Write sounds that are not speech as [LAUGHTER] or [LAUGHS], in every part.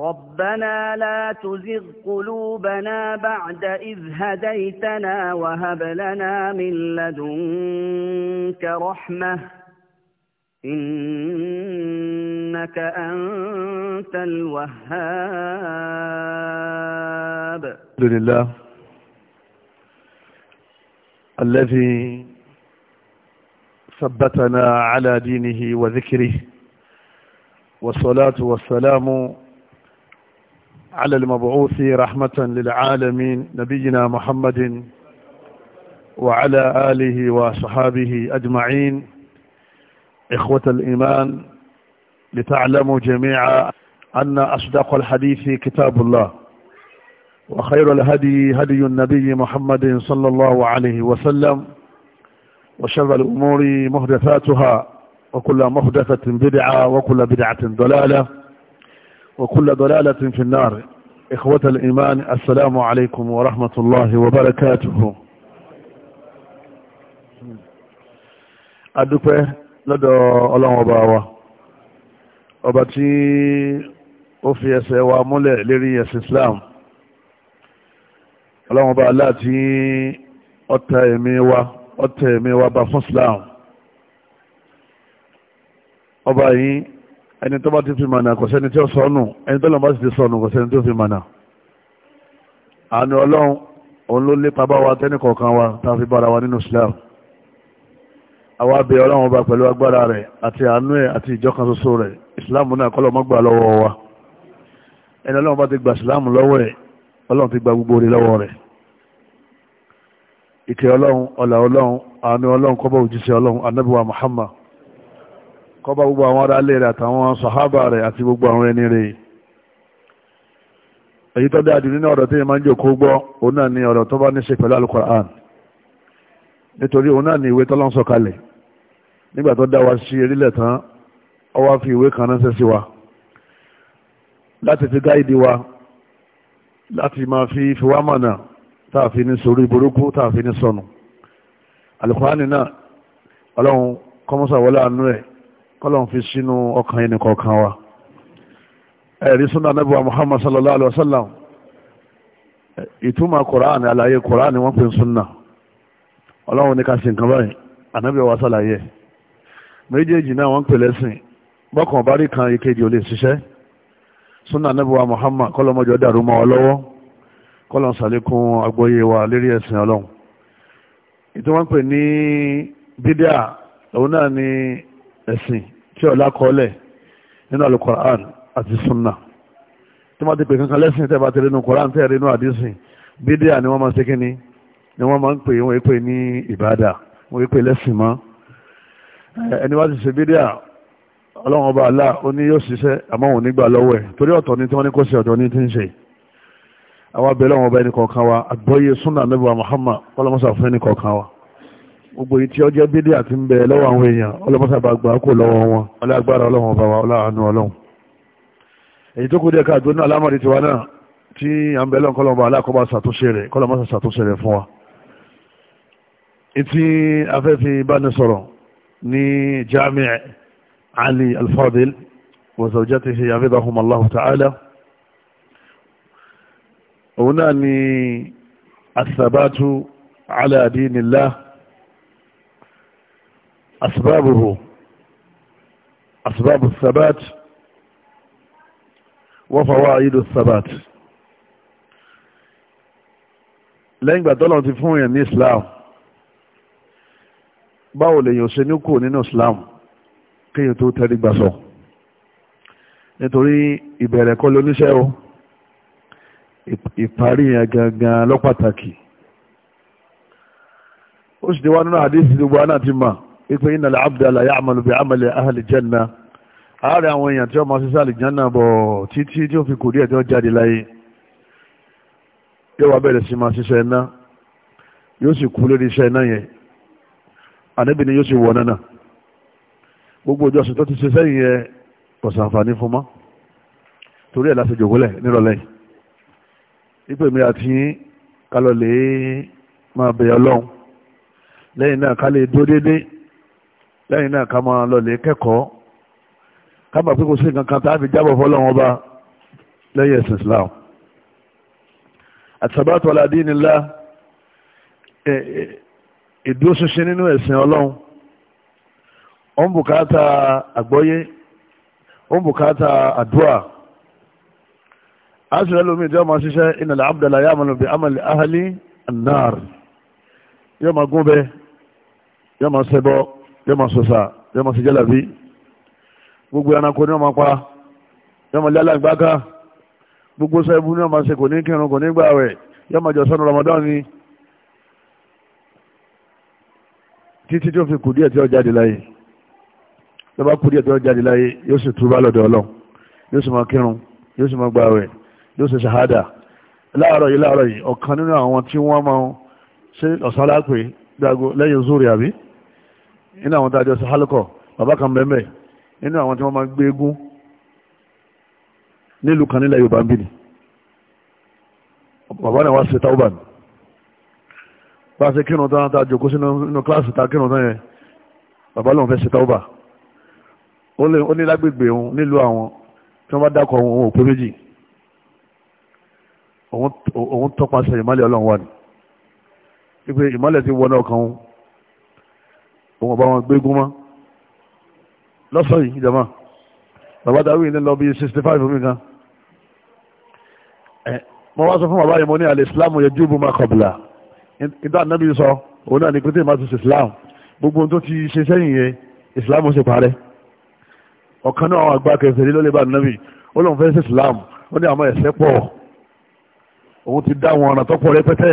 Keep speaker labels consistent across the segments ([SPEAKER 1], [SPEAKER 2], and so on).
[SPEAKER 1] ربنا لا تزغ قلوبنا بعد إذ هديتنا وهب لنا من لدنك رحمة إنك أنت الوهاب الحمد لله الذي ثبتنا على دينه وذكره والصلاة والسلام على المبعوث رحمة للعالمين نبينا محمد وعلى آله وصحابه أجمعين إخوة الإيمان لتعلموا جميعا أن أصدق الحديث كتاب الله وخير الهدي هدي النبي محمد صلى الله عليه وسلم وشر الأمور مهدثاتها وكل مهدثة بدعة وكل بدعة ضلالة وكل ضلالة في النار إخوة الإيمان السلام عليكم ورحمة الله وبركاته adúpẹ́ lọ́dọ̀ ọlọ́run ọba wa ọba tí ó fi ẹsẹ̀ wa múlẹ̀ lérí ẹ̀sìn Islam ọlọ́run ọba aláàtí ọ̀tá ẹ̀mí wa ọ̀tá ẹ̀mí wa bá fún Islam ọba yìí ẹni tó bá ti fi mànà kò sẹ́ni tí ó sọnù ẹni tó lọ́nà bá sì ti sọnù kò sẹ́ni tó fi mànà àánú ọlọ́run òun ló lépa bá wa tẹ́nì kọ̀ọ̀kan wa tá a fi bára wa nínú Islam àwa bẹ ọlọ́run ọba pẹ̀lú agbára rẹ̀ àti àánú ẹ̀ àti ìjọkan ṣoṣo rẹ̀ Islam náà kọ́ lọ́mọ́ gbà lọ́wọ́ wa ẹni ọlọ́run bá ti gba Islam lọ́wọ́ ẹ̀ ọlọ́run ti gba gbogbo rẹ̀ lọ́wọ́ rẹ̀ ìkẹ́ ọlọ́run ọlà ọlọ́run àánú ọlọ́run kọ́bọ̀ òjíṣẹ́ ọlọ́run anábíwá Muhammad kọba gbogbo àwọn ará lè rẹ̀ àtàwọn sàhábà rẹ̀ àti gbogbo àwọn ẹni rẹ̀ èyí tó dáa nínú ọ̀rọ̀ tí yẹn máa ń jòkó gbọ́ òun náà ni ọ̀rọ̀ tó bá ní ṣe pẹ̀lú alukur'an nítorí òun náà ni ìwé tọ́lọ́ ń sọ̀kalẹ̀ nígbà tó dá wa sí erílẹ̀ tán ó wá fi ìwé kan ránṣẹ́ sí wa láti fi gáìdì wa láti máa fi fi mọ̀nà tá a fi ní sórí burúkú tá a fi ní sọnù alukur'an náà ọlọ́run kọ́mọ́sà àánú ẹ̀ kọ́lọ̀n fi sínú ọkàn ẹni kọ̀ọ̀kan wa ẹ̀rí súnà nẹ́bùwà muhammad sallallahu alaihi wasallam ìtumọ̀ kùránì àlàyé kùránì wọ́n pè súnà ọlọ́run ní ká sí nǹkan báyìí ànábìyà wa sàlàyé méjèèjì náà wọ́n pè lẹ́sìn bọ́kàn bá rí kan ìkejì ò lè ṣiṣẹ́ súnà nẹ́bùwà muhammad kọ́lọ́mọjọ́ dàrú mọ́ ọ lọ́wọ́ kọ́lọ̀n sàlékún agbóyé wa lérí ẹ̀sìn ọlọ́run ìtumọ̀ pè ní bídíà òun náà ni ẹ̀sìn tí ọ̀la kọ́lẹ̀ nínú alukoran àti sunna tí wọ́n ti pè kankan lẹ́sìn tẹ́ bá ti rinu koran tẹ́ rinu àdísìn bídíà ni wọ́n máa ṣe kíni ni wọ́n máa ń pè wọ́n pè ní ìbádà wọ́n pè lẹ́sìn mọ́ ẹni wá ti ṣe bídíà ọlọ́run ọba àlá ó ní yóò ṣiṣẹ́ àmọ́ òun nígbà lọ́wọ́ ẹ̀ torí ọ̀tọ̀ ni tí wọ́n ní kó ṣe ọ̀tọ̀ ni tí ń ṣe àwọn abẹ́lẹ́ ọ̀hún ọba ẹnì kọ̀ọ̀kan wa àgbọ́yé sunna nebà Muhammad kọ́lọ́mọ́sà fún ẹnì kọ̀ọ̀kan wa gbogbo yìí tí ó jẹ́ bídí àti ń bẹ lọ́wọ́ àwọn èèyàn ọlọ́mọ́sàbà gbà kò lọ́wọ́ wọn ọlọ́gbára ọlọ́wọ́n bá wa ọlọ́àánú ọlọ́run èyí tó kú díẹ̀ káàdó náà alámọ̀dé tiwa náà tí à ń bẹ lọ́n kọ́lọ́mọba alákọ̀ọ́bá ṣàtúnṣe rẹ̀ kọ́lọ́mọ́sà ṣàtúnṣe rẹ̀ fún wa etí afẹ́fẹ́ ìbánisọ̀rọ̀ ní jami ali alfadil wa zawjatihi hafidhahum allahu ta'ala òun náà أسبابه أسباب الثبات وفوائد الثبات lẹ́yìn gbà tọ́lọ́ ti fún yẹn ní Islam báwo lèèyàn ṣe ní kò nínú Islam kéèyàn tó tẹ́rí gbà sọ nítorí ìbẹ̀rẹ̀ kọ́ lóníṣẹ́ o ìparí yẹn gangan lọ́pàtàkì ó sì ti wá nínú àdéhùn gbogbo aná ti mà ipe iná abdá la yá àmàlù bí àmàlù ahàlì jẹ́nà ààrẹ àwọn èèyàn tí ó máa ṣiṣẹ́ àlìjánà bọ̀ títí tí ó fi kù díẹ̀ tí ó jáde láyé yóò wá bẹ̀rẹ̀ sí máa ṣiṣẹ́ iná yóò sì kú lórí iṣẹ́ iná yẹn àníbi ni yóò sì wọ̀ nánà gbogbo ọjọ́ sì tó ti ṣiṣẹ́ yẹn kò sàǹfààní fún mọ́ torí ẹ̀ láti jòkólẹ̀ nírọ̀lẹ́ ipò mi àti kálọ̀ lè máa bẹ̀yà ọlọ́run lẹ́yìn náà ká lè déédéé lẹ́yìn náà ká máa lọlé kẹ́kọ̀ọ́ ká bá pé kò sí nǹkan kan tá a fi jábọ̀ fọlọ́run ọba lẹ́yìn ẹ̀sìn Islam àtàbátọ̀ aládé nílá ìdúróṣinṣin nínú ẹ̀sìn Ọlọ́run ó ń bùkátà àgbọ́yé ó ń bùkátà àdúrà àṣìlẹ̀ lómi tí wọ́n máa ṣiṣẹ́ ìnàlẹ̀ abdala yà máa amali ahali annar yóò máa gún bẹ yóò máa ṣẹbọ yóò máa sọ̀sà yóò máa sọ̀jẹ́ làbí gbogbo ẹranko ni wọ́n máa pa yóò máa lé alágbáká gbogbo sẹ́ẹ̀bù ni wọ́n máa ṣe kò ní kírun kò ní gbààwẹ̀ yóò máa jọ sọ́nù Ramadan ni títí tí ó fi kù díẹ̀ tí ó jáde láyé tó bá kù díẹ̀ tí ó jáde láyé yóò sì túbá lọ́dọ̀ Ọlọ́run yóò sì máa kírun yóò sì máa gbààwẹ̀ yóò sì ṣàhádà láàárọ̀ yìí láàárọ̀ yìí ọ̀kan nínú àwọn tí wọ́n máa ṣe ọ̀sán lápè lẹ́yìn zúrì àbí nínú àwọn tàjọ sí hálùkọ̀ bàbá kan bẹ́ẹ̀ nínú àwọn tí wọ́n máa gbé egún nílùú kan nílẹ̀ Yorùbá ń bì ní bàbá náà wá sí táwùbà ní bá a ṣe kírun tán tá a jòkó sínú kíláàsì tá a kírun tán yẹn bàbá lòun fẹ́ sí táwùbà ó ní lágbègbè òun nílùú àwọn tí wọ́n bá dákọ̀ òun òpó méjì òun tọpasẹ̀ ìmọ̀lẹ̀ Ọlọ́run wà ní wípé ìmọ̀lẹ̀ ti wọnà ọkàn òun òun ọba wọn gbégún mọ́ lọ́sọ̀ yìí ìjọba bàbá darí ní lọ bí 65 omi kan mo wá sọ fún bàbá yìí mo ní alẹ́ islam yẹ júbù má kọ̀bìlà ìdá ànábì sọ òun náà ní pété má ti ṣe islam gbogbo tó ti ṣe sẹ́yìn yẹn islam ṣe parẹ́ ọ̀kan náà àwọn àgbà kẹfẹ́ ló lè bá ànábì ó lóun fẹ́ ṣe islam ó ní àwọn ẹ̀ṣẹ̀ pọ̀ òun ti dá àwọn ọ̀ràn tó pọ̀ rẹpẹtẹ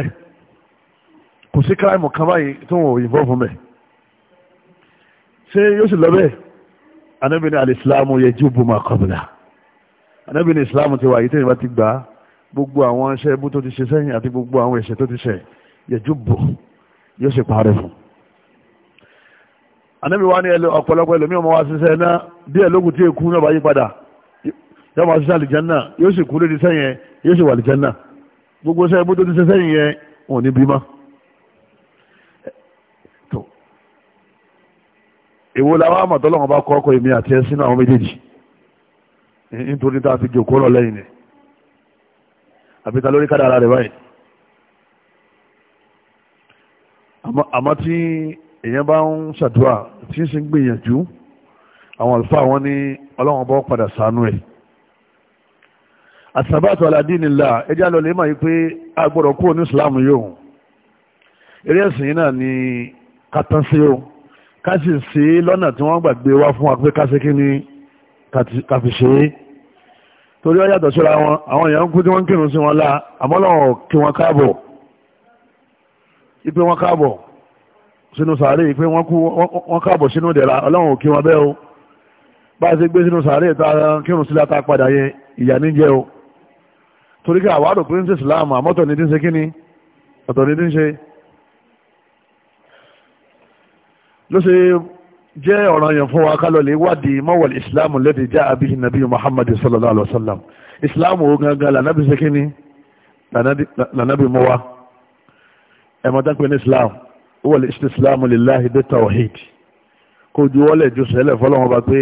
[SPEAKER 1] kò sí kíráìmù kan báyìí tó wọn ò yìnbọn fún mẹ́ẹ̀ ṣé yóò sì lọ bẹ́ẹ̀ anábì ní alìsílámù yẹ jùbù máa kọ́bùlà anábì ní ìsìlámù ti wà yìí tẹ́yìn bá ti gbà á gbogbo àwọn iṣẹ́ ibú tó ti ṣe sẹ́yìn àti gbogbo àwọn ẹ̀ṣẹ̀ tó ti ṣẹ̀ yẹ jùbù yóò sì parẹ́ fún anábì wá ní ọ̀pọ̀lọpọ̀ ẹlòmí ọmọ wa ṣiṣẹ́ náà díẹ̀ lókun tí èkú náà bá yí padà yóò máa ṣiṣẹ́ àlìjánná yóò sì kú lórí sẹ́yìn yóò sì wà àlìjánná gbogbo iṣẹ́ ibú tó ti ṣe sẹ́yìn yẹn wọn ò ní bímọ èwo làwọn àmọ̀tọ́lọ́wọ́n bá kọ́ ọkọ̀ èmi àti ẹ sínú àwọn méjèèjì nítorí tá a fi jòkó lọ lẹ́yìn ni àbíta lórí kádàrà rẹ̀ báyìí àmọ́ tí èèyàn bá ń ṣàdúrà tí ń sì ń gbìyànjú àwọn àlùfáà wọn ní ọlọ́wọ́n bọ́ padà sànú ẹ̀ àtìsàbáàtò aládínilá ẹjẹ́ lọ máa yí pé a gbọ́dọ̀ kúrò ní Islam yóò eré ẹ̀sìn yìí náà ni kátán sí yóò ká sì sí lọ́nà tí wọ́n gbàgbé wá fún wa pé ká ṣe kí ni ká fi ṣe é torí ó yàtọ̀ síra wọn àwọn èèyàn kú tí wọ́n ń kírun sí wọn lá àmọ́ lọ́wọ́ kí wọ́n káàbọ̀ ipe wọ́n káàbọ̀ sínú sàárè ipe wọ́n kú wọ́n káàbọ̀ sínú ìdẹ̀ra ọlọ́run kí wọ́n bẹ́ẹ̀ o bá a ṣe gbé sínú sàárè tá a kírun sí látà padà yẹn ìyà ní jẹ́ o torí kí àwárò pé ń ṣe ìsìláàmù àmọ́tọ̀ ní ti ń ṣe kíni ọ̀tọ̀ ní ti ń ṣe ló ṣe jẹ́ ọ̀ràn yẹn fún wa kálọ̀ lè wádìí mọ́wọ̀lì islam lẹ́dí já abiy nabi muhammad sallallahu alayhi wa sallam islam wo gangan lànàbí ṣe kíni lànàbí mọ́ wa ẹ̀ mọ́tá pé ní islam wọ́n lè ṣe islam lillahi bi tawhid kó ju wọ́lẹ̀ ju sẹ́lẹ̀ fọlọ́wọ́n bá pé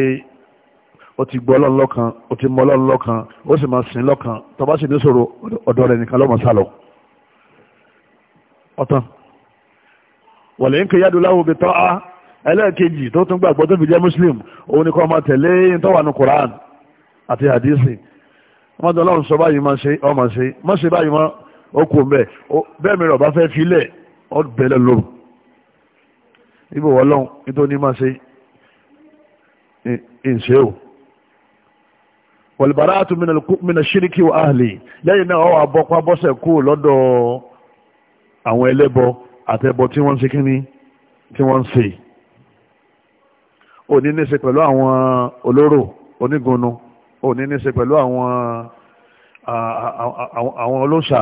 [SPEAKER 1] ó ti gbọ́ ọlọ́run lọ́kan ó ti mọ ọlọ́run lọ́kan ó sì máa sìn lọ́kan tó sì ní sọ̀rọ̀ ọ̀dọ̀ rẹ̀ nìkan lọ́mọ sálọ. ọ̀tàn wọ̀lẹ̀ ń kéyàdó láwùjọ tán á ẹlẹ́ẹ̀kejì tó tún gbàgbọ́ tó fi jẹ́ muslim òun ni kó máa tẹ̀lé tọ́wànú quran àti hadisi wọ́n tó lọ́run sọ báyìí máa ṣe ọmọ ṣe má ṣe báyìí mọ́ ó kù mbẹ́ bẹ́ẹ̀ mi rọ̀ bá fẹ́ filẹ̀ ó bẹ̀lẹ̀ lóru ibò wọ́n lọ́run nítorí máa ṣe ìṣe o wọ̀lùbárà àtúnmínà mínà ṣíríkì wà áhìlì lẹ́yìn náà ọwọ́ abọ́pá bọ́sẹ̀ kú lọ́dọ̀ àwọn ẹlẹ́bọ àtẹ̀bọ tí wọ́n ń ṣe kíní tí wọ́n ń ṣe òní ní ṣe pẹ̀lú àwọn olóró onígunnu òní ní ṣe pẹ̀lú àwọn àwọn olóṣà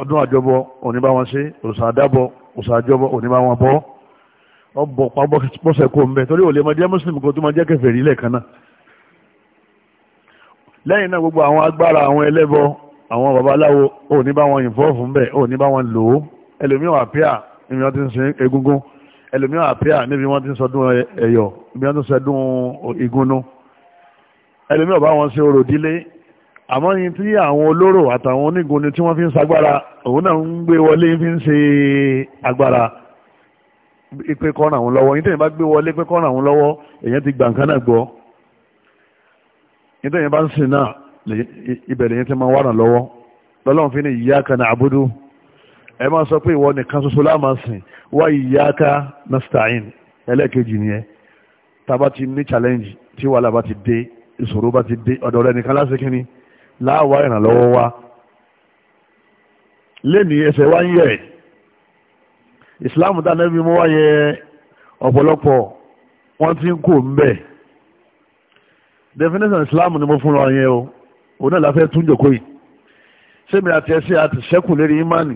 [SPEAKER 1] ọdún àjọbọ òní bá wọn ṣe òṣà àdábọ òṣà àjọbọ òní bá wọn bọ ọbọ pàbọ pọsẹ kó ń bẹ torí òlè máa jẹ mùsùlùmí kó tó máa jẹ kèfèrí lẹ́ẹ̀kan náà lẹ́yìn náà gbogbo àwọn agbára àwọn ẹlẹ́bọ àwọn babaláwo òní bá wọn yìnbọn fún bẹ òní bá wọn lò ó ẹlòmíràn àpíà ìmìíràn ti ń sin egungun ẹlòmíràn àpẹ́à níbi wọ́n ti ń sọdún ẹ̀yọ̀ níbi wọ́n ti ń sọdún ìgúnnú ẹlòmíràn bá wọn ṣe orò dílé àmọ́ ní tí àwọn olóró àtàwọn onígun ni tí wọ́n fi ń sagbára òun náà ń gbé wọlé fi ń ṣe agbára pé kọ́ ràn wọ́n lọ́wọ́ yín bá gbé wọlé pé kọ́ ràn lọ́wọ́ èyàn ti gbà nǹkan náà gbọ́ yín bá ń sìn náà ibẹ̀ lèyìn ti máa wà ràn lọ́wọ́ lọ́lọ́run fi ní iyyaka na'budu ẹ máa sọ pé ìwọ nìkan ṣoṣo láàmà sìn wá iyyaka nasta'in ẹlẹ́ẹ̀kejì nìyẹn tábà ti ní challenge tí wàhálà bá ti dé ìṣòro bá ti dé ọ̀dọ̀ rẹ nìkan láti kíni láàwá ìrànlọ́wọ́ wá lẹ́ni ẹsẹ̀ wá ń yẹ̀ ìsìláàmù dáná bí mo wá yẹ ọ̀pọ̀lọpọ̀ wọ́n ti ń kò ń bẹ̀ definition ìsìláàmù ni mo fún ọ yẹn o òun náà la fẹ́ tún jòkó yìí sẹ́mi àti ẹsẹ̀ àti sẹ́kù lérí ìmánì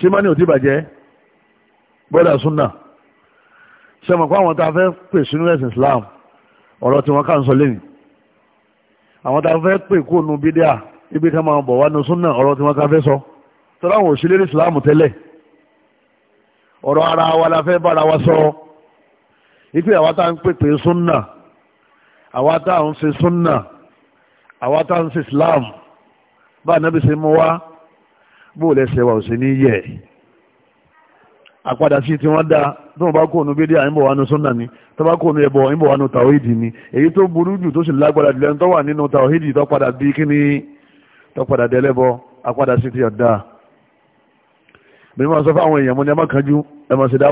[SPEAKER 1] ṣé má ní ò ti bàjẹ́ bọ́dà súnà ṣe mọ̀ pé àwọn tá a fẹ́ pè sínú ẹ̀sìn Islam ọ̀rọ̀ tí wọ́n kà ń sọ lẹ́yìn àwọn tá a fẹ́ pè kó nu bídíà ibi ká máa bọ̀ wá nu súnà ọ̀rọ̀ tí wọ́n kà fẹ́ sọ tọ́lá àwọn òṣèlérí Islam tẹ́lẹ̀ ọ̀rọ̀ ara wa la fẹ́ bára wa sọ ipe àwa tá a ń pèpè súnà àwa tá a ń ṣe súnà àwa tá a ń ṣe Islam bá a nábì ṣe mú wa. bóò lẹ́sẹ̀ wà òsì ní yẹ̀ àpadà sí tí wọ́n dá tó wọ́n bá kó ònú bídíà ń bọ̀ wá ni tó bá kó ònú ẹbọ ń bọ̀ wá ni èyí tó burú jù tó sì lágbára jùlọ tó wà nínú tàwídì tó padà bí kíní tó padà àpadà sí ti ọ̀dà bí wọ́n sọ fáwọn èèyàn mo ní ẹ má kanjú ẹ má ṣe dá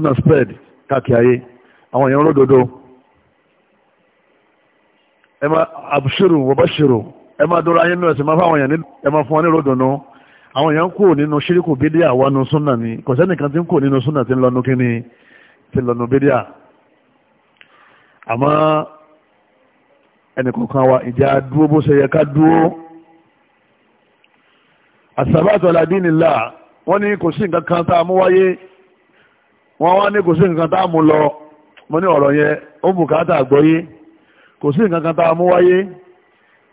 [SPEAKER 1] lọ spread káàkiri ayé àwọn èèyàn ẹ má ẹ máa dọ́ra ayé nínú ẹ̀sìn máa fáwọn èèyàn nílùú ẹ máa fún wọn nílùú dùnú àwọn èèyàn kò nínú ṣíríkù bídíà wà nù súnà ni kò sẹ́nìkan tí ń kò nínú súnà tí ń lọ́nu kíni tí ń lọ́nu bídíà àmọ́ ẹnìkọ̀ọ̀kan wa ìjà dúró bó ṣe yẹ ká dúró àṣàbàtọ̀ làdínìlá wọ́n ní kò sí nǹkan kan tá a mú wáyé wọ́n wá ní kò sí nǹkan tá a mú lọ mo ní ọ̀rọ̀ yẹn ó bùkátà àgbọ́yé kò sí nǹkan kan tá a mú wáyé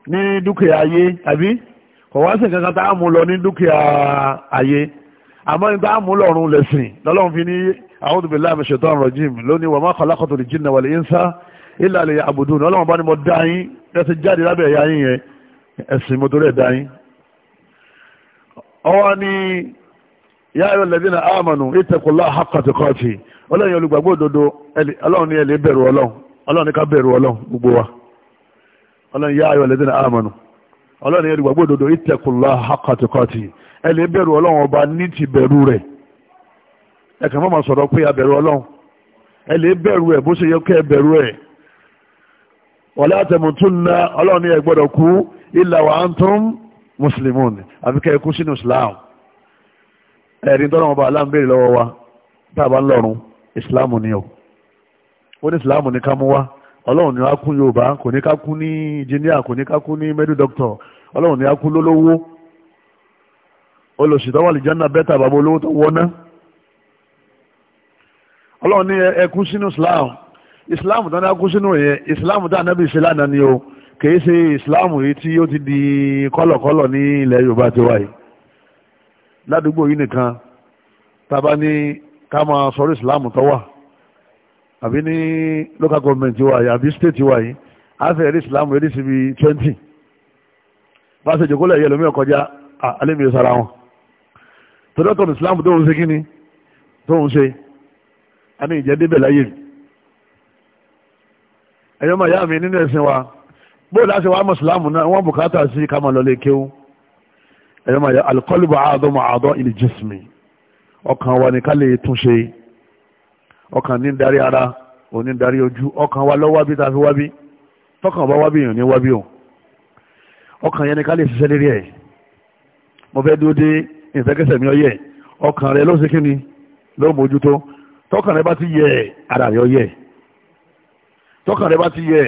[SPEAKER 1] ní dúkìá ayé àbí kò wá sí nǹkan kan tá a mú lọ ní dúkìá ayé àmọ́ ní tá a mú lọ́rùn lẹ́sìn lọ́lọ́run fi ní a'udhu billahi minash shaitanir rajim lónìí wa ma khalaqtul jinna wal insa illa liya'budun ọlọ́run bá ní mo dá yín lẹ́sìn jáde lábẹ́ ẹ̀yà yín yẹn ẹ̀sìn mo torí ẹ̀ dá yín. ọwọ́ ni ya ọlọ́run yá ayọ̀ lẹ́dínà àmọ́nù ọlọ́run yẹn gbàgbọ́ òdodo ìtẹ̀kùnlá hakọ̀tìkọ̀tì ẹ bẹ̀rù ọlọ́run ọba ní ti bẹ̀rù rẹ̀ ẹ kàn sọ̀rọ̀ pé abẹ̀rù ọlọ́run ẹ bẹ̀rù ẹ̀ bó ṣe yẹ kẹ́ bẹ̀rù ẹ̀ wọlé àtẹ̀mùtúnná ọlọ́run yẹn gbọ́dọ̀ kú ilà wà á ń tún mùsùlùmùn àfi kẹ́ ẹ kú sínú islam ẹ̀rí ọlọ́run ni wá kún yorùbá kò ní ká kún ní engineer kò ní ká kún ní medical doctor ọlọ́run ni wá kún lólówó olùsìtọ́ wà lè jẹ́nà bẹ́tà bàbá olówó tó wọ́ná ọlọ́run ni ẹkún sínú islam islam tó ní ẹkún sínú yẹn islam tó ànábì ṣe lánàá ni o kìí ṣe islam yìí tí ó ti di kọ́lọ̀kọ́lọ̀ ní ilẹ̀ yorùbá ti wáyé ládùúgbò yìí nìkan tá ní ká máa sọ̀rọ̀ islam tó wà àbí ní local government wa yìí àbí state wa yìí a fẹ́ rí islam rí síbi twenty bá a ṣe jòkó lẹ́yìn ẹlòmíràn kọjá alẹ́mi sara wọn tọ́lọ́tọ̀ ní islam tó ń ṣe kíni tó ń ṣe a ní ìjẹ́ débẹ̀ láyé mi ẹ̀yọ́ máa yá mi nínú ẹ̀sìn wa bóyá láti wá mùsùlùmù náà wọ́n bùkátà sí ká máa lọ lè kéwú ẹ̀yọ́ máa yá alqalbu àádọ́ máa àádọ́ ìlú jismi ọkàn wa ni ká lè túnṣe ọkàn ní darí ara òní darí ojú ọkàn wa lọ wábí tàbí wábí tọkàn bá wábí èèyàn ní wábí o ọkàn yẹn ni ká lè ṣiṣẹ́ lérí ẹ̀ mo fẹ́ dúró dé ìfẹ́kẹsẹ̀ mi ọyẹ ọkàn rẹ ló ṣe kí ni ló mójútó tọkàn rẹ bá ti yẹ ara rẹ ọyẹ tọkàn rẹ bá ti yẹ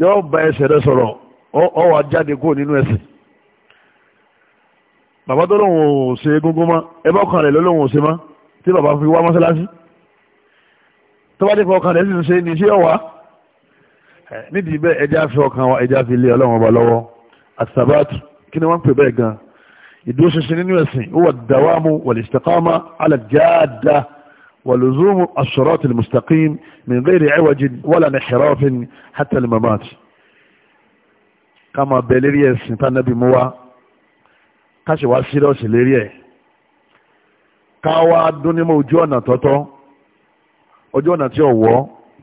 [SPEAKER 1] yọ ba ẹsẹ̀ rẹ sọ̀rọ̀ ọ wà jáde kúrò nínú ẹsẹ̀ bàbá tó lóun ò ṣe egungun mọ́ ẹ bá ọkàn rẹ lọ lóun ò ṣe mọ́ tí bàbá fi wá mọ́ṣáláṣí tó bá dé fọ ọkàn rẹ̀ sì ń ṣe ní ṣé ọ̀wá nídìí bẹ́ẹ̀ ẹja fi ọkàn wa ẹja fi lé ọlọ́run ọba lọ́wọ́ àtàbátù kí ni wọ́n ń pè bẹ́ẹ̀ gan ìdúró ṣinṣin nínú ẹ̀sìn ó wà dàwámù wàlìsítàkámà alàjáàdá wàlùzùmù asọ̀rọ̀tì mustaqim min ghairi ẹwàjì wàlà ní ṣẹ̀rọ̀fin hátà lè ká máa bẹ lérí ẹ̀sìn tá nábì mú wa ká sì wá sírọ̀sì lérí ẹ̀ ká wá dún ní mọ́ ojú ọ̀nà tọ́tọ́ ọjọ́ ọ̀nà tí ọ̀wọ́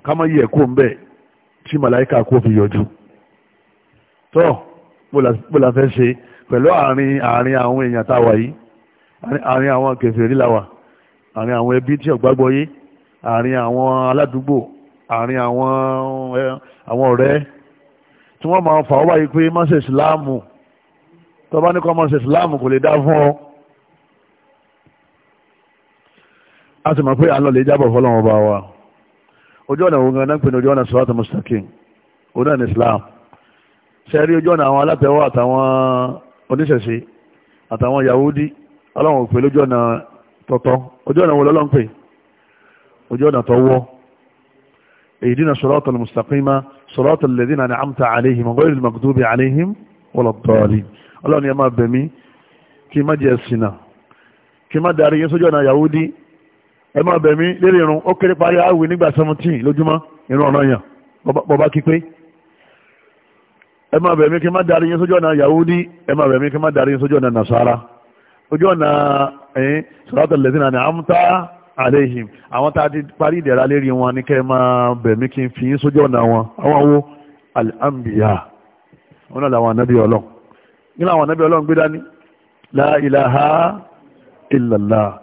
[SPEAKER 1] ká má yẹ kó ń bẹ̀ tí màláìka kó fi yọjú tọ́ bó la fẹ́ ṣe pẹ̀lú àárín àárín àwọn èèyàn tá a wà yìí àárín àwọn kèfèrí la wà àárín àwọn ẹbí tí ọ̀gbágbọ́ yé àárín àwọn aládùúgbò àárín àwọn àwọn ọ̀rẹ́ tí wọ́n máa fà ọ́ báyìí pé má ṣe ìsìláàmù tó bá ní kó má ṣe ìsìláàmù kò lè dá fún ọ. a sì mọ̀ pé à ń lọ lè jábọ̀ fọlọ́wọn ọba wa ojú ọ̀nà òun gan-an pè ní ojú ọ̀nà sọ́wọ́tà mustaqim òun náà ní Islam sẹ́rí ojú ọ̀nà àwọn alátẹ̀wọ́ àtàwọn oníṣẹ̀ṣe àtàwọn Yahudi ọlọ́run pè lójú ọ̀nà tọ̀tọ̀ ojú ọ̀nà wo lọ́lọ́run ojú ọ̀nà tọ̀wọ́ ihdina siratal mustaqima siratal ladhina an'amta alayhim ghayril maghdubi alayhim ọlọ́run yẹn máa bẹ̀mí kí má jẹ́ sinà kí má darí yẹn sójú ọ̀nà Yahudi ẹ máa bẹ̀ mí lérí irun ó kéré parí àwẹ̀ nígbà seventeen lójúmọ́ irun ọ̀nà yàn bọ́bá kí pé ẹ máa bẹ̀ mí kí n má darí yín sójú ọ̀nà Yahudi ẹ máa bẹ̀ mí kí n má darí yín sójú ọ̀nà Nasara ojú ọ̀nà ẹ̀yìn sọ̀rọ̀tọ̀ lẹ́sìn àná àmúta àlẹ́yìn àwọn tá a ti parí ìdẹ̀ra lérí wọn ní kẹ́ ẹ máa bẹ̀ mí kí n fi yín sójú ọ̀nà wọn àwọn wo al wọn náà làwọn anábì ọlọ́run nígbà àwọn anábì ọlọ́run gbé dání la ilaha illallah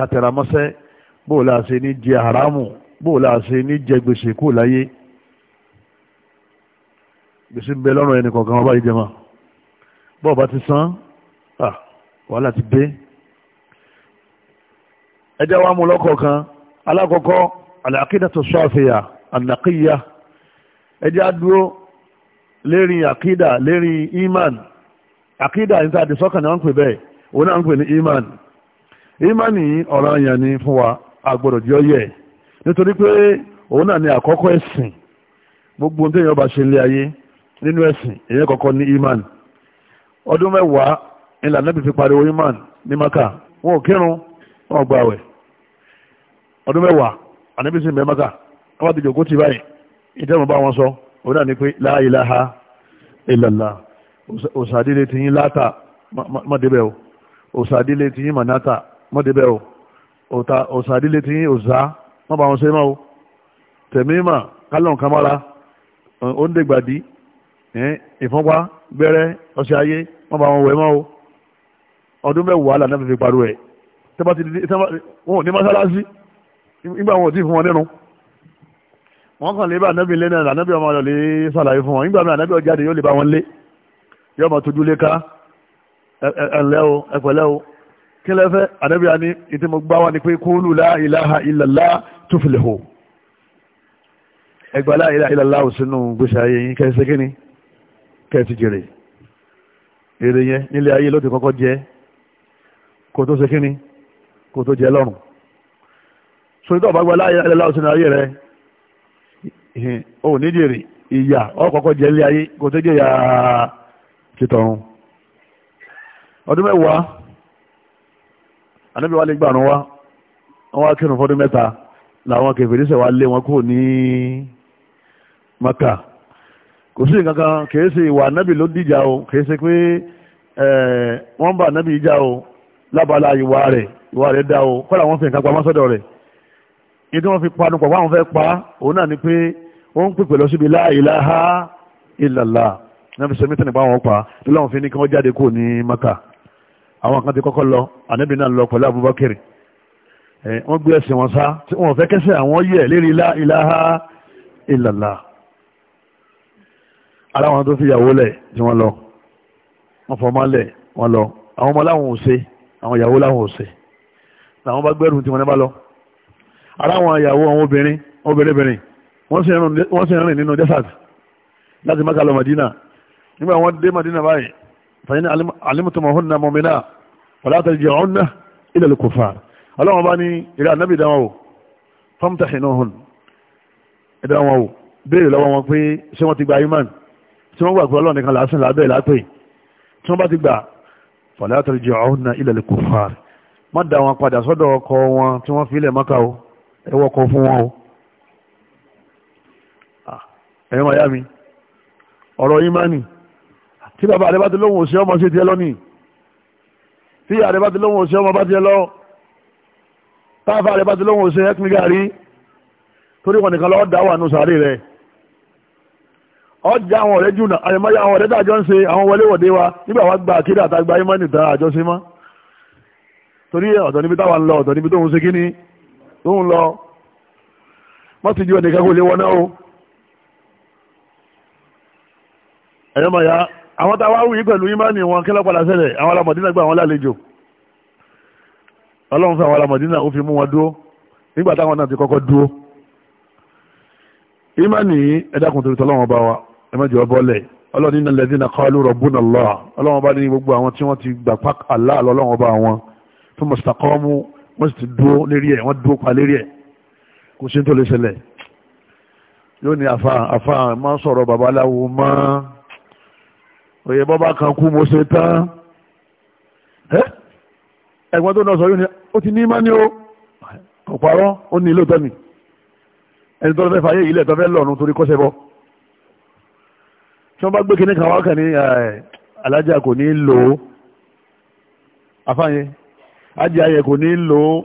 [SPEAKER 1] kátẹ́ra mọ́sẹ́ bóò la ṣe ní jẹ haramu bóò la ṣe ní jẹ gbèsè kó láyé gbèsè ń bẹ lọ́rùn ẹnì kọ̀ọ̀kan wọn báyìí jẹma bọ́ọ̀ bá ti san wàhálà ti dé ẹjẹ́ wa mú lọ́kọ̀ọ̀kan alákọ̀ọ́kọ́ al-aqidatu safiya an-naqiyya ẹjẹ́ adúró lérí àkídà lérí iman àkídà ní sáà di ni wọ́n ń pè bẹ́ẹ̀ òun náà ń pè ní iman ìmánì ọ̀ràn àyàn ni fún wa agbọ́dọ̀ jẹ́ ọyẹ nítorí pé òun náà ni àkọ́kọ́ ẹ̀sìn gbogbo ohun téèyàn bá ṣe lé ayé nínú ẹ̀sìn èyàn kọ́kọ́ ní ìmánì ọdún mẹ́wàá ilẹ̀ fi pariwo ìmánì ní maka wọn ò kírun wọn ò gbààwẹ̀ ọdún mẹ́wàá anábì mẹ́ maka wọn bá ti jòkó tì báyìí sọ òun náà ni pé la ilaha illallah òsàdílé ti yín òsàdílé ti yín mọ̀nátà mọ́débẹ́ o òta òsà àdílé tí òsà wọ́n bá wọn ṣe mọ́ o tẹ̀mímà kálọ̀ nǹkan mọ́ra òǹdègbàdì ìfọ́npá gbẹ́rẹ́ ọṣẹ ayé wọ́n bá wọn wẹ̀ mọ́ o ọdún mẹ́wàá là náà fi fi pariwo ẹ̀ wọn ò ní mọ́sálásí nígbà wọn ò tí fún wọn nínú wọn kàn lè bá ànábì lé náà ànábì ọmọ rẹ̀ lè ṣàlàyé fún wọn nígbà mi ànábì ọjáde yóò lè bá wọn lé yóò mọ tójú lé ká ẹ̀ǹlẹ́ o ẹ̀pẹ̀lẹ́ o kí lẹ́fẹ́ ànábì àní ìtí mo gbá wa ni pé kúlù la ilaha illallah tuflihu ẹgbà la ilaha illallah ò sínú gbèsè ayé yín kẹsí kíni kẹsí jèrè èrè yẹn nílé ayé ló ti kọ́kọ́ jẹ kó tó ṣe kíni kó tó jẹ lọ́rùn sórí tó ọba gba la ilaha illallah ò sínú ayé ìyà ọkọ̀ọ̀kọ̀ jẹ ilé ayé kó tó jẹ ìyà títọ̀run ọdún mẹ́wàá anábì wa lè gbà rún wa wọ́n wá kírun fọ́dún mẹ́ta làwọn kèfèrí ṣe wá lé wọn kúrò ní maka kò sí nǹkan kan kìí ṣe ìwà anábì ló dìjà o kìí ṣe pé wọ́n bá anábì ìjà o lábala ìwà rẹ̀ ìwà rẹ̀ dá o kọ́lá wọn fi nǹkan pamọ́ sọ́dọ̀ rẹ̀ ìdí wọn fi panu pọ̀ fáwọn fẹ́ pa òun náà ni pé ó ń pèpè lọ síbi la ilaha náà fi ṣe mítìnì pa wọn pa lọ́wọ́n fi ní kí wọ́n jáde kúrò ní maka àwọn kan ti kọ́kọ́ lọ ànábì náà lọ pẹ̀lú Abubakar wọ́n gbé ẹsẹ̀ wọn sá tí wọ́n fẹ́ kẹsẹ̀ àwọn yẹ̀ lérí ilaha ilala. ara wọn tó fi yàwó lẹ̀ tí wọ́n lọ wọ́n fọmọ́ lẹ̀ wọ́n lọ àwọn ọmọ láwọn ò ṣe àwọn ìyàwó láwọn ò ṣe làwọn bá gbẹ́rù tí wọ́n bá lọ ara wọn ìyàwó àwọn obìnrin obìnrin wọ́n sì rìn nínú desert láti Mákà Madina nígbà wọ́n dé Madina báyìí fẹ̀yìn alimutumuhunna mọ̀mìnà ọ̀làtà jẹ́ ọ̀nà ilẹ̀ lukùfà ọlọ́wọ́n bá ní eré anábì ìdánwò famtahinuhun ìdánwò béèrè lọ́wọ́ wọn pé ṣé wọ́n ti gba imán tí wọ́n gbà pé ọlọ́run nìkan làásìn lábẹ́ lápè tí wọ́n bá ti gbà ọ̀làtà jẹ́ ilẹ̀ lukùfà má dá wọn padà sọ́dọ̀ ọkọ wọn tí wọ́n fi ilẹ̀ mọ́ka o ẹ wọ́kọ fún wọn o ẹ̀yọ́ mayami ọ̀rọ̀ imani tí bàbá rẹ bá ti lóhùn òsì ọmọ sí tiẹ lọ nìyí tí ìyá rẹ bá ti lóhùn òsì ọmọ bá tiẹ lọ táàfà rẹ bá ti lóhùn òsì ẹkùn gàrí torí wọn nìkan lọ́ọ́ dá wà nù sàárè rẹ ọjà àwọn ọ̀rẹ́ jùnà àyẹ̀mọ́yà àwọn ọ̀rẹ́ tàjọ ń ṣe àwọn wọléwọ̀dé wa nígbà wá gba akéde àtàgbà imani ta àjọṣe mọ́ torí ọ̀dọ̀ níbi táwa ń lọ ọ̀dọ̀ níbi tó ń ṣe kíní tó ń lọ wọ́n ti ju ẹnìkan kó lè wọná o ẹ̀yọ́mọ̀yà àwọn tá a wá wí pẹ̀lú ìmánì wọn kí lọ́pàá lásẹ̀lẹ̀ àwọn alamọ̀dínà gba àwọn lálejò ọlọ́run fún àwọn alamọ̀dínà ó fi mú wọn dúró nígbà táwọn náà ti kọ́kọ́ dúró ìmánì ẹ̀dàkùn torí tọ́lọ́wọ́n bá wa ẹ má jẹ́ ọlọ́run nínú lẹ́dínà qalu rabbuna Allah ọlọ́run bá ní gbogbo àwọn tí wọ́n ti gbà pa Allah lọ́lọ́run bá wọn fún mọ̀sítàkọ́mù wọ́n sì ti dúró lérí ẹ̀ wọ́n dúró pa lérí ẹ̀ kò sí ní òye bọ́ bá kan kú mo ṣe tán ẹ̀gbọ́n tó náà sọ yóò ní ó ti ní mání o ọ̀pọ̀rọ̀ ó ní ilé òtẹ́mi ẹni tó fẹ́ fàyè ilẹ̀ tó fẹ́ lọ́run torí kọ́sẹ̀ bọ́ tí wọ́n bá gbé kíní kan wá ní alájà kò ní lò ó afáyẹn ajá kò ní lò ó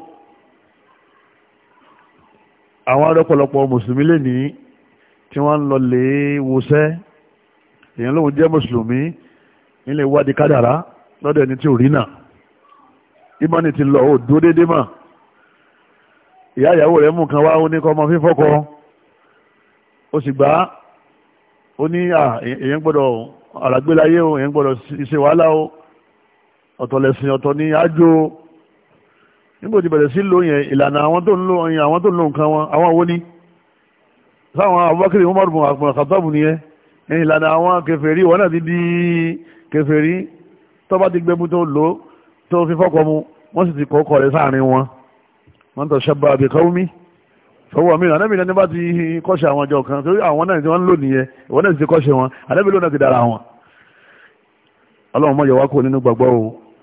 [SPEAKER 1] àwọn arọ́pọ̀lọpọ̀ mùsùlùmí lè ní tí wọ́n ń lọ lè wòṣẹ́ èèyàn lóun jẹ́ mùsùlùmí nílé ìwádìí kádàrá lọ́dọ̀ ẹni tí ò rí náà ìmọ̀ni ti lọ ò dúró déédéé mà ìyá ìyàwó rẹ̀ mú kan wá ó ní kọ́ ọmọ fífọ́kọ ó sì gbà á ó ní à èèyàn gbọ́dọ̀ àràgbélayé o èèyàn gbọ́dọ̀ ṣe wàhálà o ọ̀tọ̀ lẹ̀sìn ọ̀tọ̀ ni ájò nígbà tí bẹ̀rẹ̀ sí lò yẹn ìlànà àwọn tó ń lò yẹn àwọn tó ń lò nǹkan wọn àwọn wo ni sáwọn Abubakar Umar bin nìyẹn ìlànà àwọn kèfèrí wọ́n náà ti di kèfèrí tó bá ti gbẹ́mú tó lò tó fi fọ́kọ̀ mu wọ́n sì ti kọ́kọ́ rẹ̀ sáàrin wọn wọ́n tọ̀ ṣẹba àbíkọ́ mi fọwọ́ mi ànábì náà ní bá ti kọ́ṣe àwọn ọjọ́ kan torí àwọn náà tí wọ́n lò nìyẹn ìwọ́n náà ti kọ́ṣe wọn ànábì lónà ti dára wọn. ọlọ́run mọ̀yọ̀ wá kó nínú gbàgbọ́ o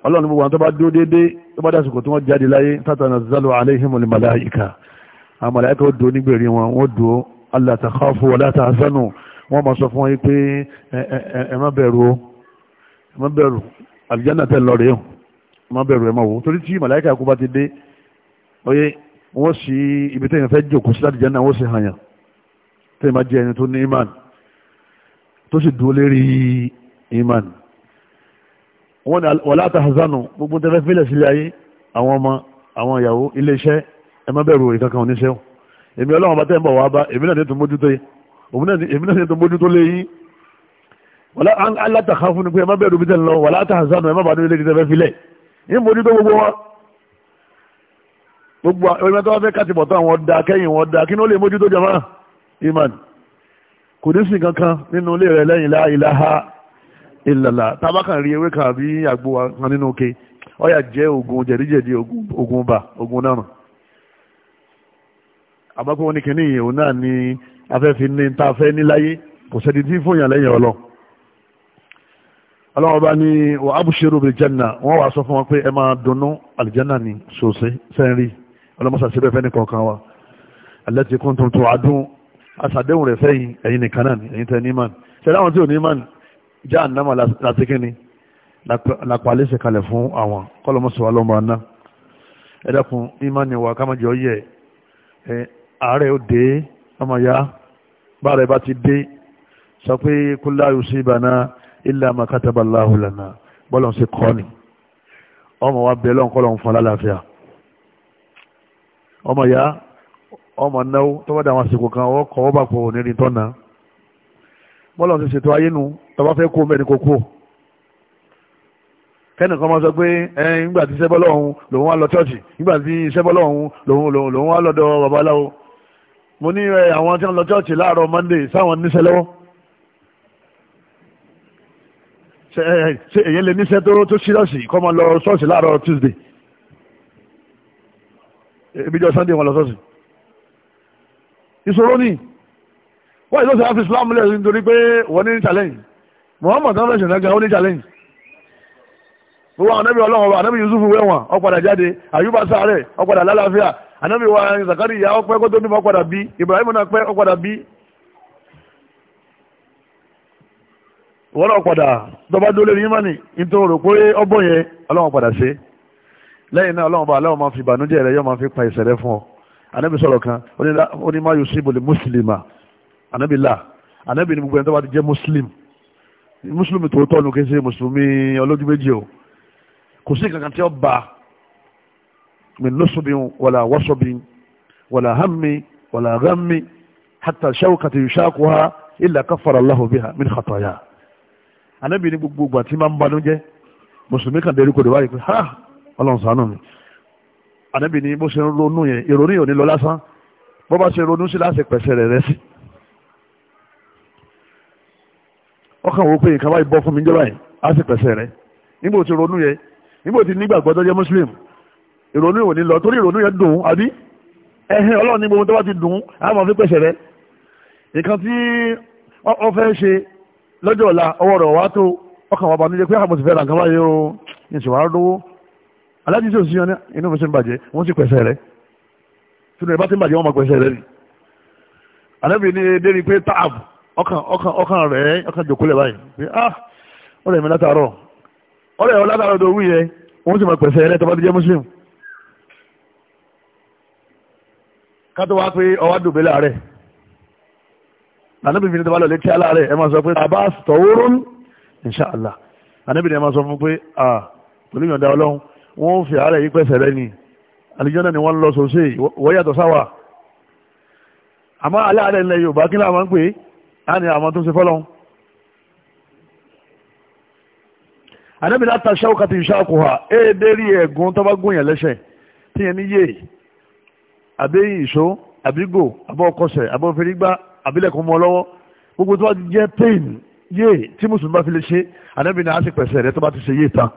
[SPEAKER 1] ọlọ́run gbogbo àwọn tó bá dúró déédéé tó bá dásìkò tí wọ́n jáde láyé tatanazzalu alaihimul malaika àwọn màláíkà ó dúró nígbèrè wọn wọ́n dúró alla takhafu wala tahzanu wọ́n máa sọ fún wọn pé ẹ má bẹ̀rù o ẹ má bẹ̀rù àlùjáná tẹ̀ lọ rèé o ẹ má bẹ̀rù ẹ má wò torí tí màláìka kú bá ti dé oyè wọ́n sì ibi tẹ̀yìn fẹ́ jòkó sí àlùjáná wọ́n sì hàn yàn tẹ̀yìn bá jẹ́ ẹni tó ní imán tó sì dúró lérí imán wọ́n ní wàlá àtàhàzánù gbogbo tẹ́fẹ́ fílẹ̀ sílé ayé àwọn ọmọ àwọn ìyàwó iléeṣẹ́ ẹ má bẹ̀rù ìkankan o èmi ọlọ́run bá tẹ́ ń bọ̀ wá bá èmi náà ní tó mójútó yìí èmi náà ṣe tó mójú tó lé yín wàlá alátàkà fún ni pé ẹ má bẹ̀rù bí tẹ̀ lọ wàlá àtàhàzánù ẹ má bàánú ilé tẹ̀ fẹ́ filẹ̀ ní mójú tó gbogbo wọn gbogbo ẹgbẹ́ tó wá fẹ́ káti bọ̀tán wọn da kẹ́yìn wọn da kí ni ó lè mójú tó jama iman kò ní sìn kankan nínú ilé rẹ lẹ́yìn la ilaha illallah tábàkàn rí ewé kan àbí àgbo kan nínú ke ọyà jẹ́ oògùn jẹ̀díjẹ̀dí oògùn bá oògùn náà àbákò wọn ni kìíní òun náà ni afẹ́fin ní ta fẹ́ níláyé kò sẹ́ni tí fòyàn lẹ́yìn ọlọ́ ọlọ́wọ́ bá ní wà ábùṣẹ́rù bìlìjánà wọ́n wà sọ fún wọn pé ẹ máa dunnú àlìjánà ní ṣòṣe sẹ́ńrí ọlọ́mọṣà síbẹ̀ fẹ́ ní kọ̀ọ̀kan wa alẹ́tì kún tuntun adún aṣàdéhùn rẹ̀ fẹ́yìn ẹ̀yin nìkan náà ẹ̀yin tẹ́ níman ṣẹlẹ̀ àwọn tí ò níman já ànámà láti kíni lápàlẹ́ ṣe kalẹ̀ fún àwọn kọ́lọ́mọṣà wa lọ́mọ aná ẹ dákun ìmánìwá kámájọ yẹ ààrẹ òde ọmọ ya bára bá ti dé sọ pé kúlá yusibana illa ma kataballahu lana bọ́lọ̀ ń ṣe kọ́ ni ọmọ wa bẹ̀ lọ́n kọ́lọ̀ ń fún alálàáfíà ọmọ ya ọmọ náwó tó bá dà wọn àsìkò kan ọkọ̀ ọba pọ̀ nírin tọ́nà bọ́lọ̀ ń ṣe ṣètò ayé nu tọba fẹ́ kó mẹ́rin kó kó kẹ́nìkan máa sọ pé ẹ̀yìn ìgbà tí iṣẹ́ lòun wá lọ chọ́ọ̀chì ìgbà tí iṣẹ́ lòun wá lọ́dọ̀ babaláwo mo ní ẹ eh, àwọn tí wọ́n lọ chọ́ọ̀chì láàárọ̀ monday sáwọn níṣẹ́ lọ́wọ́ ṣe eh, eh, èyàn lè níṣẹ́ tó tó ṣírọ́ọ̀ṣì kọ́ máa lọ ṣọ́ọ̀ṣì láàárọ̀ tuesday ìbíjọ́ sunday wọ́n lọ ṣọ́ọ̀ṣì ìṣòro ni wọ́n ìlú sọ́ọ́ fi islam lẹ̀ nítorí pé wọ́n ní challenge muhammad náà fẹ̀sẹ̀ náà ó ní challenge gbogbo àwọn anábì ọlọ́run ọba anábì yusuf wẹ̀wọ̀n ó padà jáde àyùbá sáré ó padà lálàáfíà anábì wa zakari ìyá ọpẹ́ kó tó bímọ padà bí ibrahim náà pẹ́ ọ padà bí wọ́n náà padà dọ́bá dólé ní mánì nítorí rò pé ọgbọ́n yẹn ọlọ́run padà ṣe lẹ́yìn náà ọlọ́run bá aláwọ̀ máa fi ìbànújẹ́ rẹ yóò máa fi pa ìṣẹ̀lẹ̀ fún ọ anábì sọ̀rọ̀ kan ó ní má yusibu li mùsùlùmá anábì là anábì ní gbogbo ẹni tó ti jẹ́ mùsùlùm mùsùlùmí tòótọ́ nu kí n ṣe mùsùlùmí ọlójú méjì o kò sí kankan tí ó ba min nusubin wala wasubin wala hammi wala ghammi hatta shawkati yushaquha illa kaffara Allahu biha min khataya anabi ni gbogbo ìgbà tí máa ń banújẹ́ mùsùlùmí kan dẹrí kodò wáyé pé ha Ọlọ́run ṣàánú mi anabi ni bó ṣe ń ronú yẹn ìrònú yìí ò ní lọ lásán bó bá ṣe ronú sí láti pẹ̀sẹ̀ rẹ̀ rẹ̀ sí. ọkàn wo pé nǹkan báyìí bọ́ fún mi jẹ́ báyìí á sì pẹ̀sẹ̀ rẹ̀ nígbà tí ronú yẹn nígbà tí nígbàgbọ́ tó jẹ́ mùsùlùmí ìrònú ìwò ní lọ torí ìrònú yẹn dùn àbí ẹ̀hìn ọlọ́run ní gbogbo tó bá ti dùn á máa fi pẹ̀sẹ̀ rẹ nǹkan tí wọ́n fẹ́ ṣe lọ́jọ́ ọ̀la ọwọ́ rẹ̀ wá tó ọkàn wà bànújẹ́ pé àmọ̀ ah, sì fẹ́ ra nǹkan báyìí o ní sì wàá lówó aláàjì sì sí ọ̀nà inú mi sì ń bàjẹ́ wọ́n sì pẹ̀sẹ̀ rẹ tí ìrìn bá ti ń bàjẹ́ wọ́n máa pẹ̀sẹ̀ rẹ ni àlẹ́bí ni dé ni pé táàbù ọkàn ọkàn ọkàn rẹ̀ ọkàn jòkólẹ̀ báyìí ah ọ̀rẹ́ mi látàárọ̀ ọ̀rẹ́ ọ látàárọ̀ tó wí yẹ wọ́n sì máa pẹ̀sẹ̀ rẹ tó bá ti jẹ́ muslim kátó wá pé ọwá dùbẹ́ láàrẹ̀ ànábì fìdí tọ́balọ̀ létí aláàrẹ̀ ẹ máa sọ pé àbá tọ̀wọ́rún inṣàlá ànábì ni ẹ máa sọ fún pé à pẹ̀lú ìyọ̀ǹda ọlọ́run wọ́n fi àárẹ̀ yí pẹ̀sẹ̀ rẹ ni àlùjànnà ni wọ́n lọ sọ́sẹ́ wọ́n yàtọ̀ sáwà àmọ́ aláàrẹ̀ ńlẹ̀ yorùbá kí láwọn pè á ní àwọn tó ń ṣe fọ́lọ́run ànábì látà ṣáwó kàtì ìṣàkùhà éèdérí ẹ̀gún tọ́ba àbí ìṣó àbígò àbọ̀kọsẹ̀ àbọ̀fẹ̀rígbá àbílẹ̀kùn mọ́ lọ́wọ́ gbogbo tó bá ti jẹ́ pain yé tí mùsùlùmí bá fi lè ṣe ànábì náà á sì pẹ̀sẹ̀ rẹ tó bá ti ṣe yé tán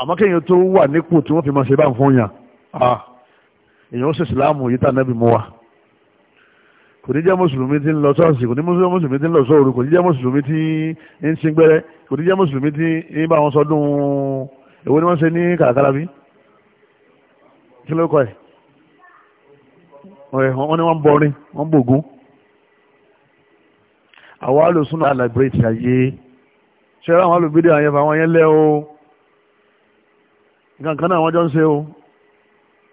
[SPEAKER 1] àmọ́ kéèyàn tó wà nípò tí wọ́n fi máa ṣe bá ń fún yàn èèyàn ó sì síláàmù yìí tá ànábì mú wa kò ní jẹ́ mùsùlùmí tí ń lọ ṣọ́ọ̀ṣì kò ní jẹ́ mùsùlùmí tí ń lọ sóòrù kò ní jẹ́ mùsùlùmí tí ń sin gbẹ́rẹ́ kò ní jẹ́ mùsùlùmí tí ń bá wọn sọdún èwo ni wọ́n ṣe ní kàràkàrà kí ló kọ ẹ̀ wọ́n ní wọ́n bọrin wọ́n bògún àwọn alòsúnà alábírèsì ayé ṣẹ́ra àwọn alòbídé àyẹ̀fà àwọn yẹn lẹ́ o nǹkan kan náà wọ́n jọ ń ṣe o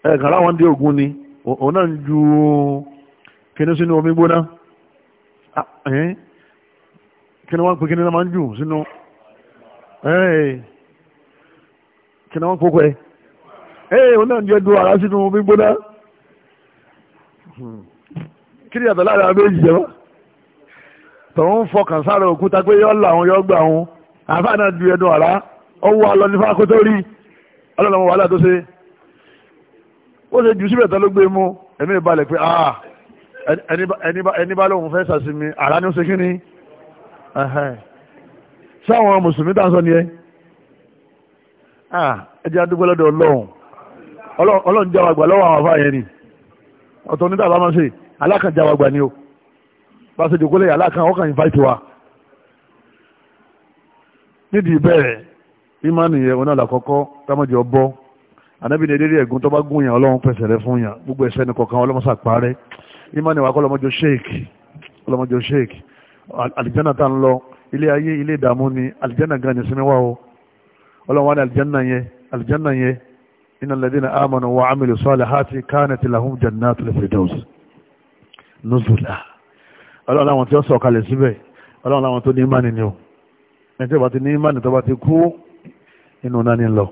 [SPEAKER 1] ẹ̀ẹ̀kan láwọn dé ògún ni òun náà ń ju kíní sínú omi gbóná ah, kíní wọ́n pe kíní náà máa ń jù sínú kíní wọ́n kókó ẹ̀ ee òun náà ń jẹ́ du ara sínú omi gbóná hmm. kí ni yàtọ̀ láàrin abéjì jẹ́ wá tọ̀hún ń fọkàn sára òkúta pé yọ́ là wọn yọ́ gbà wọn àfáà náà du ẹnu ọ̀rá ọwọ́ alọ ní fáko tó rí ọlọ́lọ́mọ wàhálà tó ṣe ó ṣe jù síbẹ̀ tán ah ẹni bá lóun ọlọ́run já wa gbà lọ́wọ́ àwọn afá yẹn ni ọ̀tọ̀ níta bá máa ṣe alákan já wa gbà ni o bá ṣe jòkó lẹ́yìn alákan ọkàn invite wa nídìí bẹ́ẹ̀ ìmánì yẹn wọn náà làkọ́kọ́ támọ̀jẹ́ ọbọ̀ ànábì ní eléré ẹ̀gún tó bá gún yàn ọlọ́run pẹ̀sẹ̀ rẹ fún yàn gbogbo ẹ̀ṣẹ̀ ní kọ̀ọ̀kan ọlọ́mọṣà parẹ́ ìmánì wa kọ́ lọ́mọjọ sheikh ọlọ́mọjọ sheikh àlìjánà tá ń ni àlìjánà gan ni sinmi wá o ọlọ́run wa ní إن الذين آمنوا وعملوا صالحات كانت لهم جنات الفردوس نزلا ọlọ́run àwọn tí ó sọ kalẹ̀ síbẹ̀ ọlọ́run àwọn tó ní ìmáni ni ó ẹ̀tẹ́ bá ti ní ìmáni tó bá ti kú inú náà ní lọ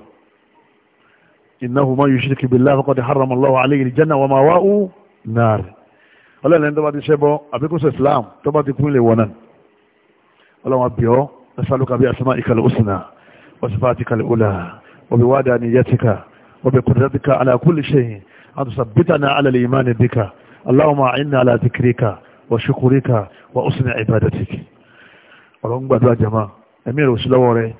[SPEAKER 1] innahu man yushrik billahi faqad harrama Allahu alayhi al-janna wa ma'wahu an-nar ọlọ́run ẹni tó bá ti ṣẹbọ àbíkúsọ islam tó bá ti kú ilé wọ̀nà ọlọ́run àbíọ́ nasaluka bi asma'ika al-husna wa sifatika al-ula wa bi wahdaniyyatika وبقدرتك على كل شيء أن تثبتنا على الإيمان بك اللهم أعنا على ذكرك وشكرك وحسن عبادتك ọ̀rọ̀n gbàdúrà jama ẹ̀mí ìrò sílọ́wọ́ rẹ̀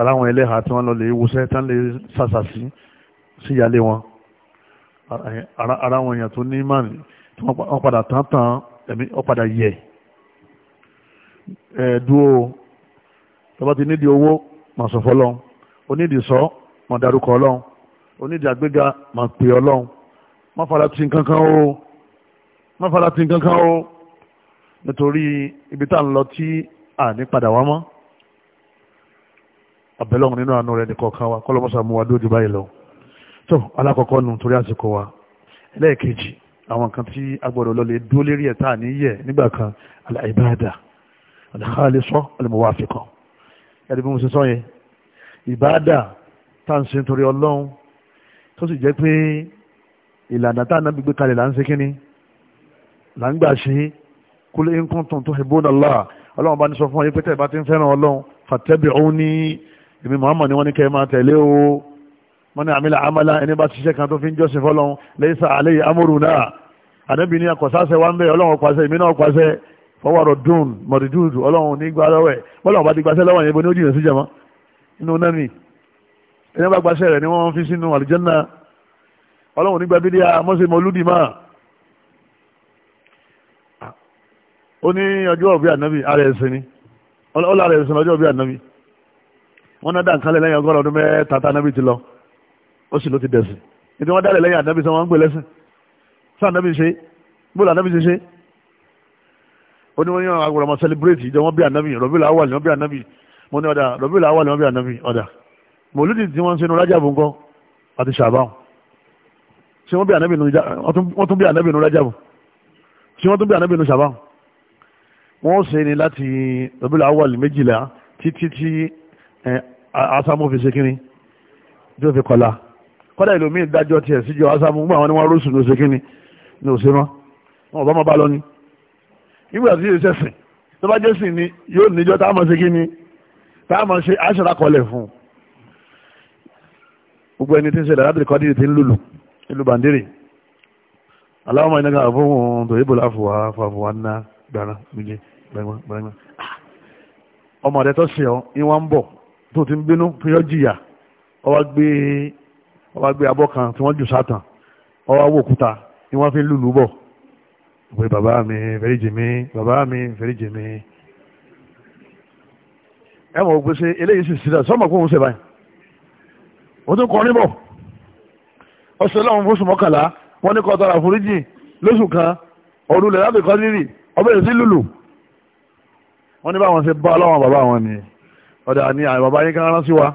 [SPEAKER 1] aláwọn ẹlẹ́hà tí wọ́n lọ lè wúṣẹ́ tán lè sàṣà sí sí ìyálé wọn ara wọn èèyàn tó ní mánì tí wọ́n padà tán tán ẹ̀mí ọ̀padà yẹ ẹ̀ẹ́dúró tọ́ba ti nídìí owó màsọ̀fọ́lọ́ onídìí sọ máa darúkọ ọlọ́run onídìí àgbéga máa pè ọlọ́run má fara ti nǹkan o má fara ti nǹkan o nítorí ibi tá à ń lọ tí à ní padà wá mọ́ àbẹ̀lọ́run nínú àánú rẹ̀ nìkọ̀ọ̀kan wa kọ́lọ́mọ́sà mú wa dóòdì báyìí lọ tó alákọ̀ọ́kọ́ nù torí àsìkò wa ẹlẹ́ẹ̀kejì àwọn kan tí agbọ́dọ̀ lọ lè dúó lérí ẹ̀ta àníyẹ̀ nígbà kan aláìbáàdà aláìbáàdà aláìbáàdà táǹsì nítorí ọlọ́run tó sì jẹ́ pé ìlànà táànà gbígbé kalẹ̀ là ń ṣe kíní là ń gbà ṣe kul in kuntum tuhibbuna Allah ọlọ́run bá ní sọ fún ọyẹ́ pété ìbá ti ń fẹ́ràn ọlọ́run fattabi'uni èmi Muhammad ni wọ́n ní kẹ́ máa tẹ̀lé o wọ́n ní amila amala ẹni bá ṣiṣẹ́ kan tó fi ń jọ́sìn fọ́lọ́run laysa alayhi amruna àdébì ní akọ̀sáṣẹ́ wa ń bẹ̀ ọlọ́run pàṣẹ èmi náà pàṣẹ fọwọ́rọ̀ dùn mọ̀rìdùdù ọlọ́run ní gbà lọ́wẹ̀ bọ́lọ́run bá ti gbàṣẹ́ lọ́wọ́ yẹn ẹni bá gbaṣẹ́ rẹ̀ ni wọ́n fi sínú àlìjẹ́nà ọlọ́run nígbà bíi díà mọ́sẹ̀ mọ́lúdì máa ó ní ọjọ́ òbí ànábì ara ẹ̀sìn ni ọlọ́ ara ẹ̀sìn ọjọ́ òbí ànábì wọ́n náà dá nǹkan lẹ̀ lẹ́yìn ọgọ́rùn ọdún mẹ́ta tá ànábì ti lọ ó sì ló ti dẹ̀sìn nítorí wọ́n dálẹ̀ lẹ́yìn ànábì sọ wọ́n ń gbé lẹ́sìn sọ ànábì ṣe bóòlù ànábì ṣe ṣe ó ní wọ́n yàn àgbọ̀rọ̀ mọ́ ìjọ wọn bí ànábì rọ̀bìlà awàlì wọn bí ànábì mo ní ọ̀dà rọ̀bìlà awàlì wọn bí ànábì ọ̀dà mòlúdì tí wọ́n ń sinú rájàbù ńkọ́ àti ṣàbáwọ̀ ṣé wọ́n bí ànábì nù rájàbù ṣé wọ́n tún bí ànábì nù ṣàbáwọ̀ wọ́n ṣe ni láti ọbílà awọ́lì méjìlá títí tí asámú fi ṣe kíní tí ó fi kọlá kọ́dà ìlòmí ìdájọ́ tiẹ̀ síjọ asámú mú àwọn níwọ̀n rúṣù ló ṣe kíní ní òṣèrán wọn ọba máa bá lọ ní nígbà tí yóò ṣẹ̀sìn tó bá jẹ́sìn ni yóò níjọ́ tá a máa ṣe kíní tá ṣe àṣàrà kọlẹ̀ fún un gbogbo ẹni tí ń ṣẹlẹ̀ láti kọ́dí ti ń lùlù ìlú bàndírì aláwọ̀mọ̀ iná kan fún ohun tó yíbo láfùwà fàfùwà ńlá gbàrà méje gbàgbà ọmọ rẹ tó ṣe ọ ìwọ̀n ń bọ̀ tó ti ń bínú tó yọ jìyà ọwá gbé ọwá gbé abọ́ kan tí wọ́n jù sátàn ọwá wò òkúta ìwọ̀n fi ń lùlù bọ̀ pé bàbá mi fẹ́ríjì mi bàbá mi fẹ́ríjì mi ẹ mọ̀ gbèsè eléyìí sì sílẹ̀ sọ́mọ̀ kóhun ṣe báyìí òun tó kọ níbọ̀ ọ̀sẹ̀ lọ́wọ́n fún sùmọ́kàlá wọ́n ní kọ́tà àforíjì lóṣù kan ọdún lẹ̀ láti kọ́dírì ọbẹ̀ sí lùlù wọ́n ní báwọn ṣe bá ọlọ́wọ́n bàbá wọn ni ọ̀dà ni àwọn bàbá yín kan rán sí wa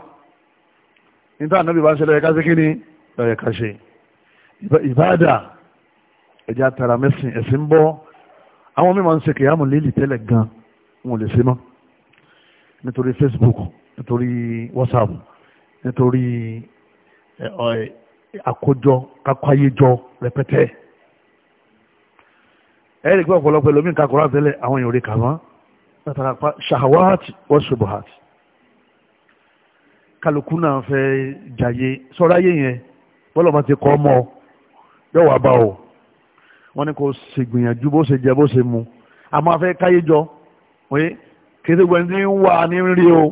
[SPEAKER 1] níta ànábì bá ń ṣe lọ́yẹ̀ká sí kíní lọ́yẹ̀ká ṣe ìbáàdà ẹ̀jẹ̀ àtàrà mẹ́sìn ẹ̀sìn ń bọ́ àwọn mímọ̀ ń ṣe kìyàmù lílì tẹ́lẹ̀ gan wọn ò lè ṣe mọ́ nítorí Facebook nítorí WhatsApp nítorí àkójọ kakọ́ayéjọ rẹpẹtẹ ẹ̀rí pé ọ̀pọ̀lọpọ̀ ẹlòmíì ka Kùránì tẹ́lẹ̀ àwọn èèyàn rí kà wọ́n látara pa ṣàwáàtì wọ́n ṣubuhàtì kálukú náà fẹ́ jàyé sọ́ra yé yẹn bọ́lọ̀ bá ti kọ́ ọmọ yóò wá bá o wọ́n ní kò ṣègbìyànjú bó ṣe jẹ bó ṣe mu àmọ́ afẹ́ káyéjọ òye kí ẹsẹ̀ gbẹ̀ndín wà ní rí o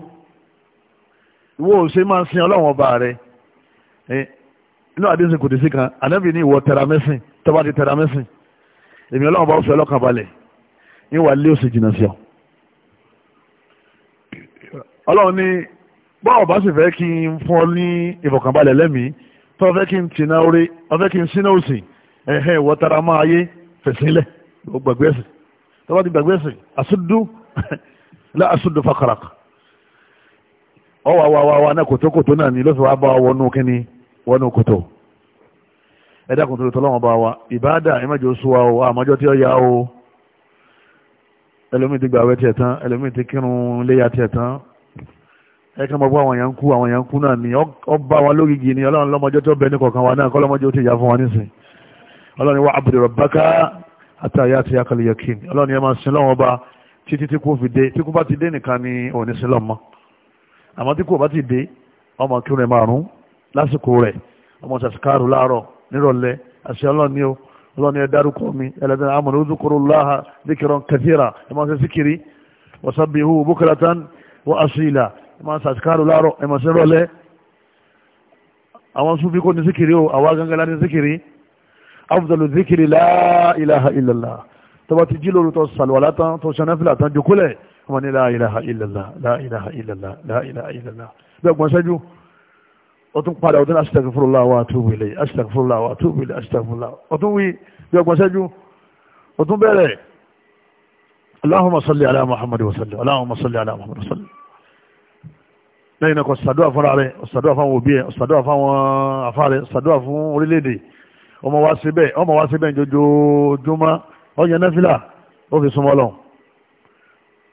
[SPEAKER 1] wo se ṣe máa ń sin ọlọ́run ọba rẹ inú àdéhùn kò dé sí kan ànábì ní ìwọ tẹra mẹ́sìn tọ́ba ti tẹra mẹ́sìn èmi ọlọ́run ọba ó fẹ́ ọlọ́kàn balẹ̀ ní wàá lé òsì jìnnà sí ọ. ọlọ́run ní bọ́ọ̀ bá sì fẹ́ kí n fún ọ ní ìfọ̀kànbalẹ̀ lẹ́mìí tó fẹ́ kí n tìǹà orí ọ fẹ́ kí n sínú òsì ẹ̀hẹ́ ìwọ tara máa yé fẹ̀sílẹ̀ gbàgbẹ́sì tọ́ba ti gbàgbẹ́sì àsùdù lá [LAUGHS] àsùdù fàkàràkà ọ wà wà wà wà náà kòtòkòtò náà ni lọ́sọ̀ wá bá wọnú kíní wọnú kòtò ẹ̀dá kòtò tó lọ́wọ́ bá wa ìbáàdà ìmọ̀jọ sọ wa o àmọ́jọ́ tí ó yá o ẹlòmíì ti gbà wẹ́ tiẹ̀ tán ẹlòmíì ti kírun léyà tiẹ̀ tán ẹ kàn mọ́ bọ́ àwọn yẹn ń kú àwọn yẹn ń kú náà ni ọ bá wa lógìgì ni ọlọ́run lọ́mọjọ́ tó bẹ ní kọ̀ọ̀kan wa náà kọ́ lọ́mọjọ́ tó yà fún wa nísìn ọlọ́run wa yakin ọlọ́run yẹn máa sin lọ́wọ́ bá títí tí kò fi dé tí àmọ́ tí kò bá ti dé ọmọ kírun márùn lásìkò rẹ̀ ọmọ sàṣìkárù láàárọ̀ nírọ̀lẹ́ àṣẹ ọlọ́ni o ọlọ́ni ẹ dárúkọ mi ẹlẹ́dẹ̀ẹ́ amọ̀nà òzúkúrò láha díkìrọ̀ kẹfìrà ẹ máa ṣe síkiri wasabihu bukratan wa asila ẹ máa sàṣìkárù láàárọ̀ ẹ máa ṣe rọ̀lẹ́ àwọn súnfí kò ní síkiri o àwa gangala ní síkiri afdalu zikiri la ilaha illallah tó ti jí lóru tó sàlùwàlá tán tó ṣanáfìlà tán jókòlẹ̀ wọ́n ní la ilaha illallah la ilaha illallah la ilaha illallah bẹ́ẹ̀ gbọ́n sẹ́jú ó tún padà ó tún astaghfirullah wa atubu ilayhi astaghfirullah wa atubu ilayhi astaghfirullah ó tún wí bẹ́ẹ̀ gbọ́n sẹ́jú ó tún bẹ̀rẹ̀ allahumma salli ala muhammad wa sallim allahumma salli ala muhammad wa sallim lẹ́yìn náà kò sàdúrà fúnra rẹ̀ sàdúrà fún àwọn òbí ẹ̀ sàdúrà fún àwọn afá rẹ̀ sàdúrà fún orílẹ̀-èdè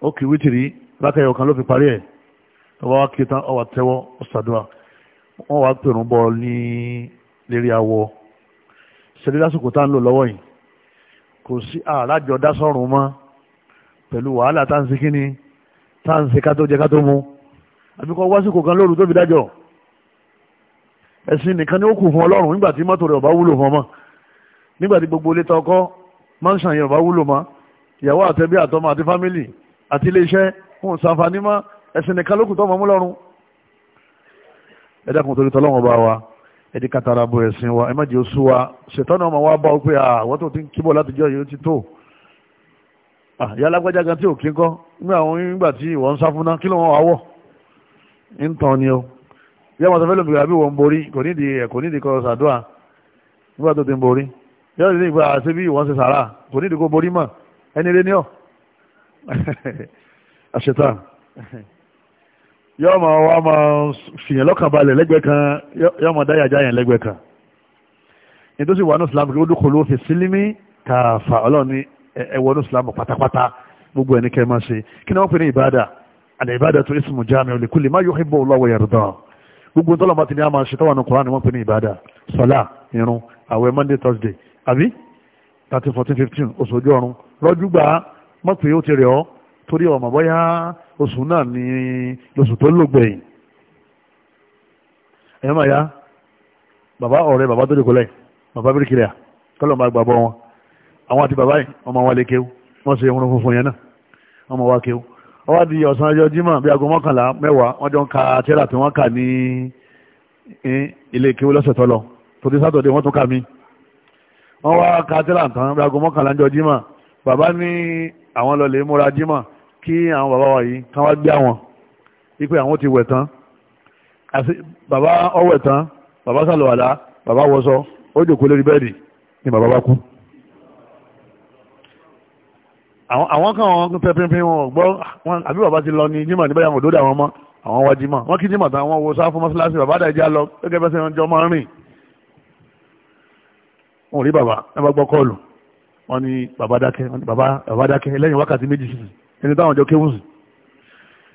[SPEAKER 1] ó kì í wítìrí lákàyọ̀ kan ló fi parí ẹ̀ ọba wa kì í tán ọwà tẹ́wọ́ ọ̀sàdúrà wọ́n wá pèrún bọ́ ní lérí awọ ṣẹlẹ̀ lásìkò tá ń lò lọ́wọ́ yìí kò sí àlájọ dásọ̀rùn mọ́ pẹ̀lú wàhálà tá ń ṣe kíni tá ń ṣe kátó jẹ kátó mu àbíkọ́ wásìkò kan lóru tó dájọ́ ẹ̀sìn nìkan ni ó kù fún ọlọ́run nígbà tí mọ́tò rẹ̀ ọba wúlò fún ọmọ nígbà tí gbogbo ilé tọkọ máńsàn yẹn ọba wúlò mọ́ ìyàwó àtẹbí àtọmọ àti fámìlì àti iléeṣẹ́ fún ṣàǹfààní mọ́ ẹ̀sìn nìkan lókùn tó mọ̀ mú lọ́rùn ẹ dákun torí tọ́lọ́wọ́n bá wa ẹ di kátàrà bo ẹ̀sìn wa ẹ má jẹ́ oṣù wa ṣètọ́nà ọmọ wa bá ọ pé àwọn tó ti ń kíbọ̀ látijọ́ yìí ó ti tó yálàgbájá gan tí ò kí ń kọ́ nígbà àwọn nígbà tí ìwọ ń sá fún náà kí ló wọn wá wọ̀ ń tàn ni o yá wọn sọ fẹ́ lómi àbí wọn ń borí kò nídìí ẹ̀ kò nídìí kọ́ sàdúà nígbà tó ti ń borí yá wọn sì ní ìgbà àṣẹ bí ìwọ ṣe sàrà kò nídìí kó borí mọ́ ẹni lé ní ọ̀ [LAUGHS] àṣetán yóò máa wá máa fìyàn lọ́kàn balẹ̀ lẹ́gbẹ̀ẹ́ kan yóò máa dáyàjá yẹn lẹ́gbẹ̀ẹ́ kan nítorí wà ní islam kí ó dúkọ̀ ló fi sílímì kààfà ọlọ́run ní ẹwọ́ ní islam pátápátá gbogbo ẹni kẹ́ máa ṣe kí ni wọ́n pè ní ìbáàdà àlẹ́ ìbáàdà tó ismu jami'u li kulli ma yuhibbu Allahu wa yarda gbogbo tọ́lọ̀ bá ti ní a máa ṣe tọ́wọ́ ní Kùránì wọ́n pè ní ìbáàdà sọlá irun àwẹ̀ monday thursday àbí thirteen fourteen fifteen oṣù ojú ọ̀run rọ́jú mọ́ pé ó ti rẹ̀ ọ́ torí ọmọ bóyá oṣù náà ni lóṣù tó lògbẹ̀yìn ẹ̀yọ́ máa ya bàbá ọ̀rẹ́ bàbá tó dìkọ́lẹ̀ bàbá bíríkìlẹ̀ kọ́lọ̀ máa gbàgbọ́ wọn àwọn àti bàbá yìí ọmọ wa lè kéwú wọ́n ṣe irun funfun yẹn náà ọmọ wa kéwú ọwọ́ di ọ̀sán ọjọ́ jímọ̀ bí aago mọ́kànlá mẹ́wàá wọ́n jọ ń ka tírà tí wọ́n kà ní ilé kéwú lọ́sẹ̀ tó bàbá ní àwọn lọlẹ̀ múra jímọ̀ kí àwọn bàbá wa yìí kán wá gbé àwọn wípé àwọn ti wẹ̀ tán àti bàbá ọwẹ̀ tán bàbá sàlùwàlá bàbá wọṣọ ó jòkó lórí bẹ́ẹ̀dì ni bàbá bá kú àwọn kan wọn tẹ pínpín wọn gbọ́ àbí bàbá ti lọ ní jímọ̀ níbẹ̀ yàwọn òdòdó àwọn ọmọ àwọn wá jímọ̀ wọn kí jímọ̀ táwọn wo sáfún mọ́ṣáláṣí bàbá dàjà lọ gẹ́gẹ́ bẹ́sẹ̀ wọn jọ máa ń rìn wọn ò rí bàbá ẹ bá gbọ́ kọ́ọ̀lù wọ́n ní bàbá dákẹ́ wọ́n ní bàbá dákẹ́ lẹ́yìn wákàtí méjì sísì ẹni táwọn ọjọ́ kéwù sí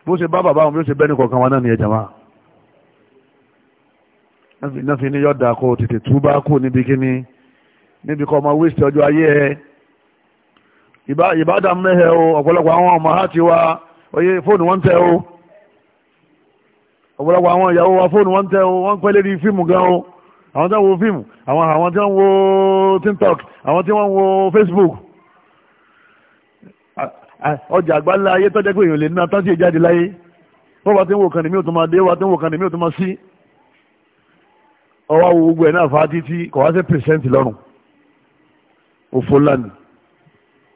[SPEAKER 1] bó ṣe bá bàbá wọn bí ó ṣe bẹ́ẹ̀ ní kọ̀ọ̀kan wọn náà ní ẹ̀jẹ̀ máa náà fi ní yọ̀dà kó tètè túbá kú níbi kíní níbi kọ́ ọmọ wíṣítì ọjọ́ ayé ẹ ìbádà mẹ́hẹ̀ o ọ̀pọ̀lọpọ̀ àwọn ọmọ ha ti wá oyè fóònù wọn tẹ o ọ̀pọ̀lọpọ̀ àwọn ìyàwó wa fóònù wọn tẹ o wọ́n pẹ́ lérí àwọn tí wọ́n wo fíìmù àwọn àwọn tí wọ́n wo tiktok àwọn tí wọ́n wo facebook ọjà àgbálá ayé tọ́jẹ́ pé èèyàn lè ná tán sí ìjáde láyé wọ́n bá ti ń wò kàn ní mí ò tún máa dé wọ́n bá ti ń wò kàn ní mí ò tún máa sí ọwọ́ wo gbogbo ẹ̀ náà fa títí kọ̀ wá sí pìrìsẹ́ǹtì lọ́rùn òfò lánì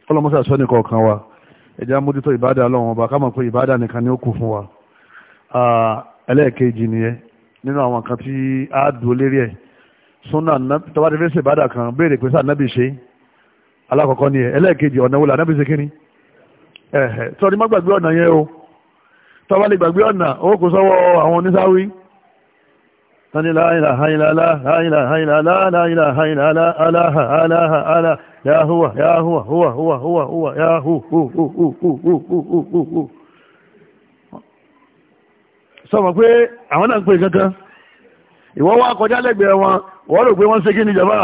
[SPEAKER 1] ọlọ́mọsà sọ ní kọ̀ọ̀kan wa ẹ̀jẹ̀ amójútó ìbádà ọlọ́run ọba ká mọ̀ pé ìbádà nìkan ni ó kù fún wa ẹlẹ́ẹ̀kejì nìyẹn nínú àwọn kan tí a dúró lérí ẹ̀ súnà tọ́wá ti fi ṣe ìbádà kan béèrè pé sáà nábì ṣe alákọ̀ọ́kọ́ ni ẹ̀ ẹlẹ́ẹ̀kejì ọ̀nà wo là nábì ṣe kíni ẹ̀hẹ̀ tọ́ni má gbàgbé ọ̀nà yẹn o tọ́wá lè gbàgbé ọ̀nà owó kò sọ́wọ́ àwọn oníṣáwí tani láàyìnlá háyìnlá láàyìnlá háyìnlá láàyìnlá háyìnlá aláha aláha alá yahuwa yahuwa huwa huwa huwa huwa yahu sọ̀rọ̀ pé àwọn náà ń pè kankan ìwọ wá kọjá lẹ́gbẹ̀ẹ́ wọn wọ́n rò pé wọ́n ṣe kí ni jàmbá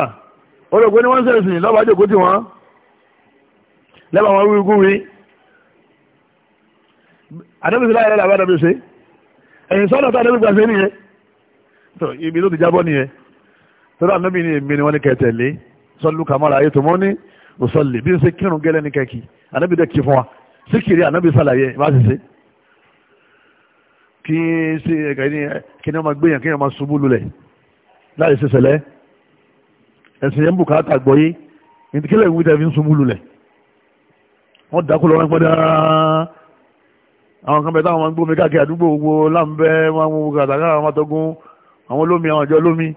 [SPEAKER 1] ó rò pé ni wọ́n ṣẹ̀sìn lọ́ba jòkó tí wọ́n lẹ́bà wọn wí gún wí adébísí láyé lẹ́la bàdàbí ṣe ẹ̀yìn sọ́nà tó adébísí gbàṣẹ́ nìyẹn tó ibi tó ti jábọ́ nìyẹn tó dá níbi ni èmi ni wọ́n ní kẹtẹ̀lé sọ́lù kàmọ́ra ayé tó mọ́ ní òsọ́lì bí ń ṣe kírun gẹ́lẹ́ ní kẹ́kì adébísí dẹ́ fún wa síkìrì adébísí kí ṣe ẹ̀ka ní kí ni wọ́n máa gbéyàn kí wọ́n máa ṣubú lulẹ̀ láì ṣe ṣẹlẹ̀ ẹ̀sìn yẹn ń bùkátà gbọ́yé ìdíkílẹ̀ ìwé tẹ̀ fi ń ṣubú lulẹ̀ wọ́n dákú lọ́wọ́ pẹ́ẹ́dá àwọn kan bẹ táwọn máa ń gbómi káàkiri àdúgbò gbogbo láǹbẹ́ máa ń wo kàtàkà àwọn atọ́gún àwọn olómi àwọn ìjọ olómi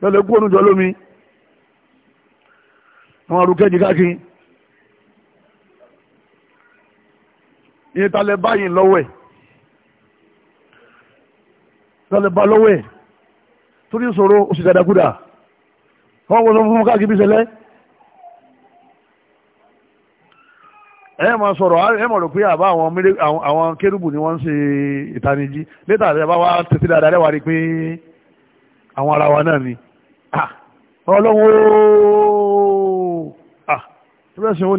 [SPEAKER 1] lọ́lẹ̀ kú ònújọ olómi àwọn arúkẹ́jì káàkiri ìyẹn talẹ̀ báyìí lọ́wọ́ ẹ̀ lọ́lẹ̀ bá lọ́wọ́ ẹ̀ torí ìṣòro oṣù dàdàkúdà wọ́n wọ́n sọ fún káàkiri ìṣẹ̀lẹ̀ ẹ máa sọ̀rọ̀ ẹ máa rò pé àbá àwọn kérúbù ni wọ́n ń ṣe ìtanijí létà rẹ̀ bá wá tètè dáadáa rẹ̀ wá rí pé àwọn ara wa náà ni ọlọ́wọ́ ah tó bẹ́ẹ̀ sìn ó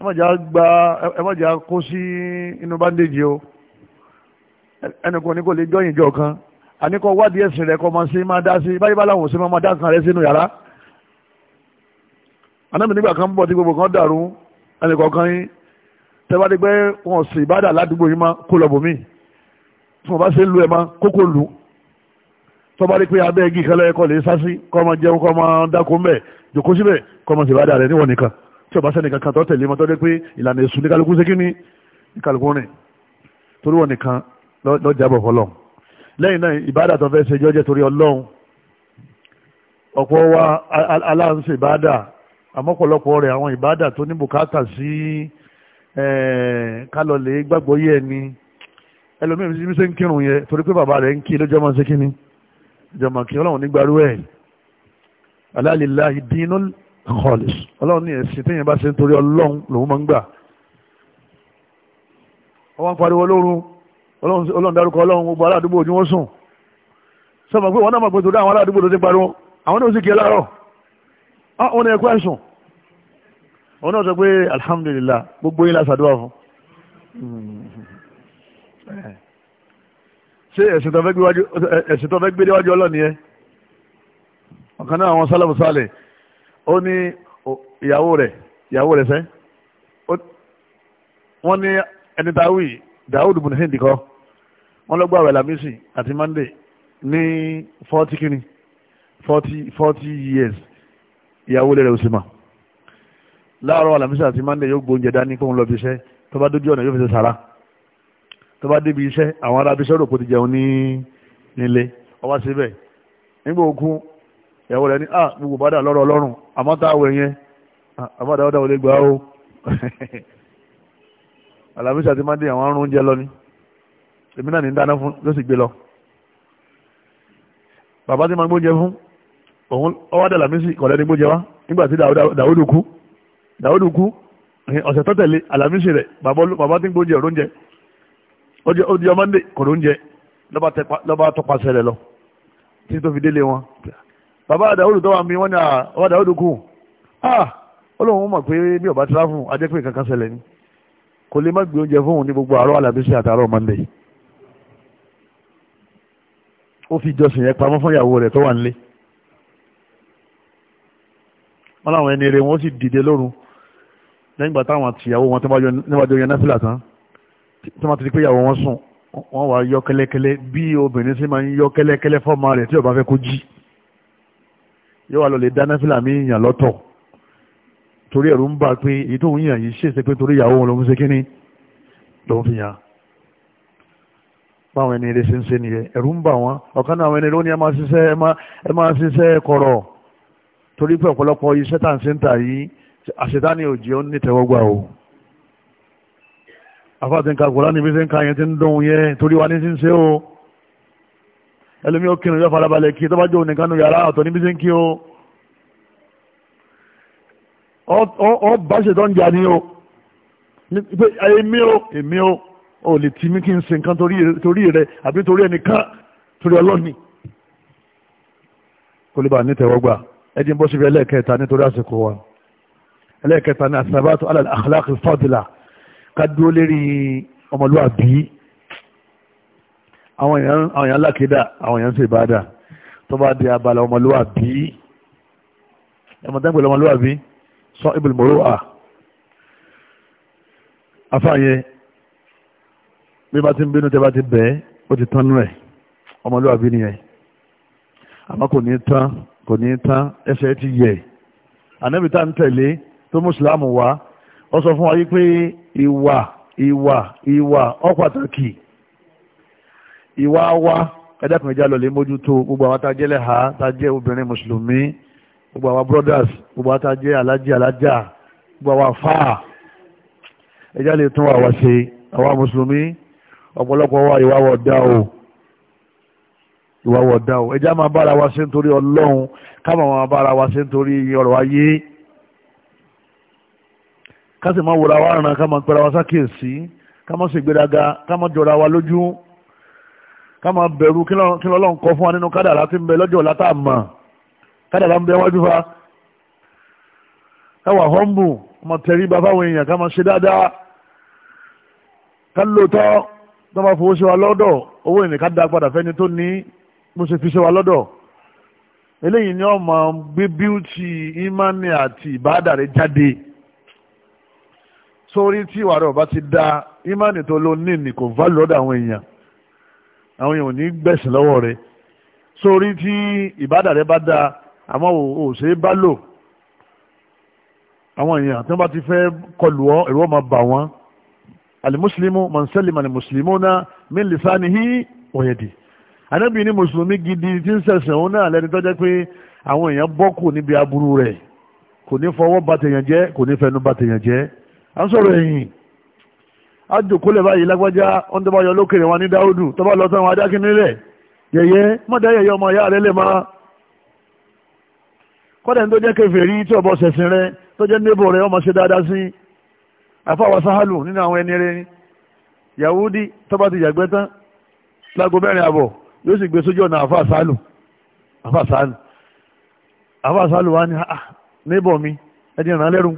[SPEAKER 1] ẹ má jà kó sí inú bandage o ẹnìkan ní kò lè jọyìn jọ kan àníkọ wádìí ẹ̀sìn rẹ̀ kọ́ máa ṣe máa dá sí báyìí bá láwọn òṣèlú máa dá kan rẹ̀ sínú yàrá anábì nígbà kan bọ̀ tí gbogbo kan dàrú ẹnìkan kan yín tẹ́wádé pé wọn ò sì ìbádà ládùúgbò yín máa kó lọ bòmíì tí wọn bá ṣe ń lu ẹ̀ máa kókó lù tọ́ba pé abẹ́ igi kan lọ́yẹ kọ́ lè sá sí kọ́ máa jẹun kọ́ máa dáko mẹ́ jòkó síbẹ̀ kọ́ máa ṣèbádà rẹ̀ níwọ̀n nìkan tí ọba sẹ́ni kankan tó tẹ̀lé mọ́tọ́ dé pé ìlànà èṣù ní kálukú ṣe kíni ní kálukú rìn torí wọn nìkan lọ́jàbọ̀ fọlọ́ lẹ́yìn náà ìbáàdà tó fẹ́ ṣe jọ́jẹ́ torí ọlọ́run ọ̀pọ̀ wa aláǹsẹ̀ ìbáàdà àmọ́pọ̀lọpọ̀ rẹ̀ àwọn ìbáàdà tó ní bùkátà sí kálọ̀lẹ̀ gbàgbọ́ yẹ ni ẹlòmíràn ti ṣe ń kírun yẹ torí pé bàbá rẹ̀ ń kí lọ́jọ́ máa ṣe kíni ìjọba kí ọlọ́run nígbàrú ẹ̀ alálìláhi dínú kọ́lẹ̀s ọlọ́run ní ẹ̀sìn téèyàn bá ṣe ń torí ọlọ́run lòun máa ń gbà ọwọ́n pariwo lórun ọlọ́run dárúkọ ọlọ́run gbogbo aládùúgbò ojú wọn sùn sọmọ pé wọn náà máa gbèsè àwọn aládùúgbò tó ti pariwo àwọn náà sì kí ẹ láàárọ̀ ah, wọn ni ẹ kú àìsùn wọn náà sọ pé alhamdulillah gbogbo yín lásàdúrà fún [LAUGHS] ṣé ẹ̀sìn tó fẹ́ gbé déwájú ọlọ́run yẹn ọ̀kan náà àwọn sálàmù sálẹ̀ ó ní ìyàwó rẹ̀ ìyàwó rẹ̀ sẹ́ wọ́n ní ẹni dáwì Dawud bùnú hindi kọ́ wọ́n lọ́gbọ́ àwẹ̀ lamisi àti Monday ní forty kini forty forty years ìyàwó rẹ̀ òsì mà láàárọ̀ alamisa àti Monday yóò gbóúnjẹ dání kóun lọ bí iṣẹ́ tó bá dójú ọ̀nà yóò fi ṣe sàrà tó bá débi iṣẹ́ àwọn arábíṣẹ́ rò kó ti jẹun ní nílé ọwá síbẹ̀ nígbà ogun ìyàwó rẹ̀ ní à ah, gbogbo bàdà lọ́rọ̀ ọlọ́run àmọ́ tá a wẹ̀ yẹn àbádà ọ̀dà òde gbà ó alamisa [LAUGHS] ti máa ń dé àwọn arún oúnjẹ lọ ni èmi náà ní dáná fún ló sì gbé lọ bàbá ti máa ń gbóúnjẹ fún òun ọwọ́ dà lámísì kọ̀lẹ́ ní gbóúnjẹ wá nígbà tí dàwúdù kú dàwúdù kú ọ̀sẹ̀ tó tẹ̀lé alamísì rẹ̀ bàbá ti ń gbóúnjẹ òróúnjẹ ó di ọmọ ń dè kọ̀lóúnjẹ lọ́ba tọpasẹ̀ rẹ̀ lọ títí tó fi délé wọn bàbá àdáwòdù tọ́wà mi wọ́n ní àwọn àdáwòdù kù ah olóhùn ah, mọ̀ pé bí ọba tíráfù ajẹ́ pé kankan ṣẹlẹ̀ ni kò lè má gbé oúnjẹ fóun ní gbogbo àárọ̀ alábísí àtàárọ̀ mọ́ndé ó fi ìjọsìn yẹn pamọ́ fún ìyàwó rẹ̀ tó wà nílé wọ́n láwọn ẹni rẹ̀ wọ́n sì dìde lóru lẹ́yìn gbà táwọn àtìyàwó wọn níwájú yẹn náfìlà tán tí wọ́n ti di pé ìyàwó wọn sùn wọ́n wá yọ kẹ́lẹ́kẹ́lẹ́ bí obìnrin sì máa ń yọ kẹ́lẹ́kẹ́lẹ́ fọ́ọ̀mù rẹ̀ tí ó fẹ́ kó jí yóò wá lọ lè dáná fìlà mí yàn lọ́tọ̀ torí ẹ̀rù ń bà pé èyí tó ń yàn yìí ṣèṣe pé torí ìyàwó wọn ló ń ṣe kínní ló ń fi yàn báwọn ẹni eré ṣe ń ṣe nìyẹn ẹ̀rù ń bà wọ́n ọ̀kan náà àwọn ẹni ló ní ẹ máa ṣiṣẹ́ kọ̀rọ̀ torí pé ọ̀pọ̀lọpọ̀ iṣẹ́ tà ń ṣe ń tà yìí àṣetáni òjì ó ní tẹ́wọ́gbà o afáàtì ń ka kúránì wa ní ẹlòmí ó kírun yóò farabalẹ̀ kí tó bá jẹ́ onìkan nu yàrá ọ̀tọ̀ níbi tí ń kí o ọ bá ṣètò ń jà ní o pé èmi o èmi o ò lè tì mí kí n ṣe nǹkan torí rẹ àbí torí ẹnìkan torí ọlọ́ni kò lè bá ní tẹ̀wọ́gbà ẹdín bó ṣe fi ẹlẹ́ẹ̀kẹta nítorí àsìkò wa ẹlẹ́ẹ̀kẹta ní àsàbàtò alàlẹ́ àkàlà àkàlà ká dúró lérí ọmọlúwàbí àwọn èèyàn lákèdà àwọn èèyàn ṣe ìbáadà tó bá di abala ọmọlúwàbí ẹmọdẹ́gbẹ̀lẹ̀ ọmọlúwàbí sọ ibùdó mọ̀rọ̀ à afáàyẹ bí bá ti ń bínú tẹ́ bá ti bẹ̀ẹ́ ó ti tán nú ẹ̀ ọmọlúwàbí nìyẹn àmọ́ kò ní tán kò ní tán ẹsẹ̀ ti yẹ̀ ànábì ń tẹ̀lé tó mùsùlùmù wá ó sọ fún wa yí pé ìwà ìwà ìwà ó ìwà wa ẹ̀dẹ́kùnrin já lọ́lẹ̀ mójútó gbogbo àwọn tá a jẹ́ lẹ́ha tá a jẹ́ obìnrin mùsùlùmí gbogbo àwọn brothers gbogbo àwọn tá a jẹ́ alájí alájá gbogbo àwọn afáà ẹjá lè tún àwa ṣe àwa mùsùlùmí ọ̀pọ̀lọpọ̀ wa ìwà wọ̀ dá o ìwà wọ̀ dá o ẹjá máa bára wa ṣe nítorí ọlọ́run káàmà máa bára wa ṣe nítorí ọ̀rọ̀ ayé ká sì máa wòra wa ràn ká máa pẹ́ra wa sákèésí ká máa ṣègbéraga ká máa jọra wa lójú ká máa bẹ̀rù kí lọ́lọ́run kọ fún wa nínú kádàrá tí ń bẹ lọ́jọ́ ọ̀la tá a mọ̀ kádàrá ń bẹ wájú fa ká wà họ́mbù ọmọ tẹ̀rí bá fáwọn èèyàn ká máa ṣe dáadáa ká lóòótọ́ tó máa fowó ṣe wa lọ́dọ̀ owó ìrìn ká dá padà fẹ́ni tó ní bó ṣe fi ṣe wa lọ́dọ̀ eléyìí ni ọmọ gbé bíútì ìmánì àti ìbáàdà jáde sórí tí ìwà rẹ̀ ọba ti da ìmánì tó ló ní kò válù àwọn èèyàn ò ní gbẹ̀sìn lọ́wọ́ rẹ̀ sórí tí ìbádà rẹ bá dáa àmọ́ ò ṣe é bá lò àwọn èèyàn tí wọ́n bá ti fẹ́ kọlù ọ́ ẹ̀rọ máa bà wọ́n alimuslimu mọ̀nsẹ́lì mọ̀nìmùsùlùmí náà mí lisanihi wọ̀yẹ̀dì anábìyí ni mùsùlùmí gidi tí ń ṣẹ̀sìn òun náà lẹ́ni tó pé àwọn èèyàn bọ́ kù níbi aburú rẹ̀ kò ní fọwọ́ bà jẹ́ kò ní fẹnu bà jẹ́ à ń sọ̀rọ̀ ẹ̀yìn àjòkólẹ̀ báyìí lágbájá wọ́n tó bá yọ lókèrè wọn ní dáúdù tó bá lọ sọ àwọn adákin nílẹ̀ yẹ̀yẹ́ mọ́dáyẹ̀yẹ́ ọmọ ìyá rẹ̀ lè máa kọ́dẹ̀ tó jẹ́ kèfèrí tí ọbọ̀ sẹ̀sìn rẹ tó jẹ́ níbò rẹ ọmọ ṣe dáadáa sí àfáwà sáhálù nínú àwọn ẹni rẹ yahudi tó bá ti yàgbẹ́ tán lágo mẹ́rin àbọ̀ yóò sì gbé sójú ọ̀nà àfáà sáhálù àfáà sáhálù àfáà sáhálù wá ní níbọ̀ mi ẹni ìrànlẹ́rù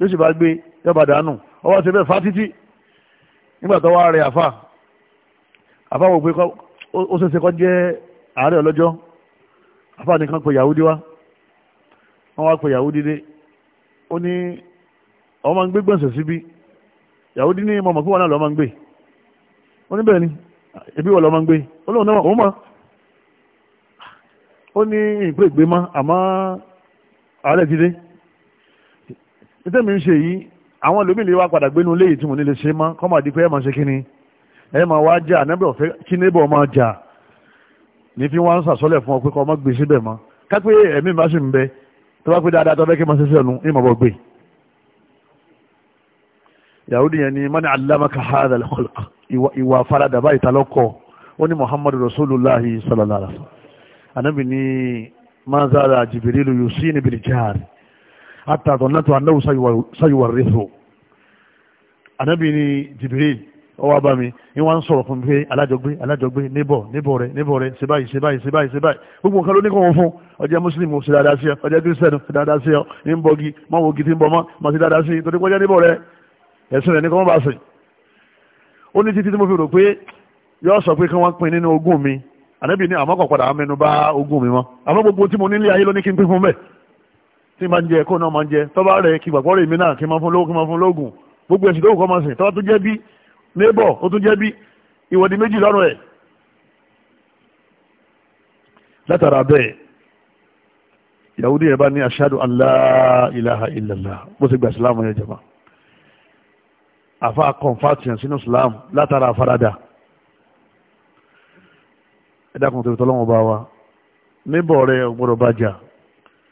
[SPEAKER 1] yóò sì bá gbé yọ̀bàdánù ọwọ́ ti bẹ́ẹ̀ fatiti nígbà tó wá rẹ̀ àfà àfà wò pé ó ṣeéṣe kọ́ jẹ́ àárẹ̀ ọlọ́jọ́ àfà nìkan pè yahudi wá wọ́n wá pè yahudi dé ó ní ọmọ máa ń gbé gbọ̀nsẹ̀ síbí yahudi ní mọ̀mọ́ pé wọn náà lọ́ máa ń gbé ó ní bẹ́ẹ̀ ni ebi wọ̀ lọ́ máa ń gbé ó lóun náà òun mọ̀ ó ní ìpè ìgbé mọ́ àmọ́ àárẹ̀ ti dé ìtẹ́mi ń ṣe yìí àwọn lómi lè wá padà gbénu léyìí tí mo nílé ṣe mọ́ kọ́mọ̀ àdìpẹ́ ẹ̀ máa ṣe kíni ẹ̀ máa wá jà anábì ọ̀fẹ́ kí nébọ̀ máa jà ní fi wá ń sàsọ́lẹ̀ fún ọ pé kọ́ ọmọ gbèsè bẹ̀ mọ́ kápẹ́ ẹ̀mí bá sì ń bẹ tó bá pé dáadáa tó fẹ́ kí máa ṣe sẹ́nu ní ìmọ̀ bọ̀ gbé. yahudi yẹn ni mani alama hada al-khulq ìwà farada báyìí talọ́kọ̀ ó ní muhammadu rasulillahi sallallahu alaihi wa sallam anábì ni mazara hatta dhanantu annahu sayuwarrithu anabi ni jibril ọwọ́ bá mi ni wọ́n ń sọ̀rọ̀ fún mi pé alájọgbé alájọgbé níbọ̀ níbọ̀ rẹ̀ níbọ̀ rẹ̀ ṣe báyìí ṣe báyìí ṣe báyìí ṣe báyìí gbogbo nǹkan ló ní kàn wọ́n fún ọjọ́ mùsùlùmí ṣe dáadáa sí ọ ọjọ́ kírísítẹ́nù ṣe dáadáa sí ọ ní ń bọ́gi máa wo gidi ń bọ́ mọ́ máa ṣe dáadáa sí torí pọ́jọ́ níbọ̀ rẹ̀ ẹ̀sìn rẹ̀ ní kàn wọ́n bá sìn. ó ní títí tí mo fi rò pé yóò sọ pé kí wọ́n pin nínú ogún mi ànábì ní àmọ́ kọ̀ padà mẹ́nu bà ogún mi mọ́ àmọ́ gbogbo tí mo nílé ayé ló ní kí n pín fún bẹ́ẹ̀ tí máa ń jẹ kó náà máa ń jẹ tọ́ba rẹ̀ kí gbàgbọ́ rẹ̀ mi náà kí máa fún lóògùn kí máa fún lóògùn gbogbo ẹ̀sìn tó kọ́ máa sìn tọ́ba tó jẹ́ bí neighbor ó tún jẹ́ bí ìwọ̀dì méjì lọ́rùn ẹ̀ látara bẹ́ẹ̀ yahudi yẹn bá ní ashadu an la bó ti gba ìsìláàmù yẹn jẹma àfa kọ̀nfàtìyàn sínú ìsìláàmù látara àfaradà ẹ̀dá kan tó tọ́lọ́wọ́n bá wa níbọ̀ rẹ̀ ọgbọ́dọ̀ bá jà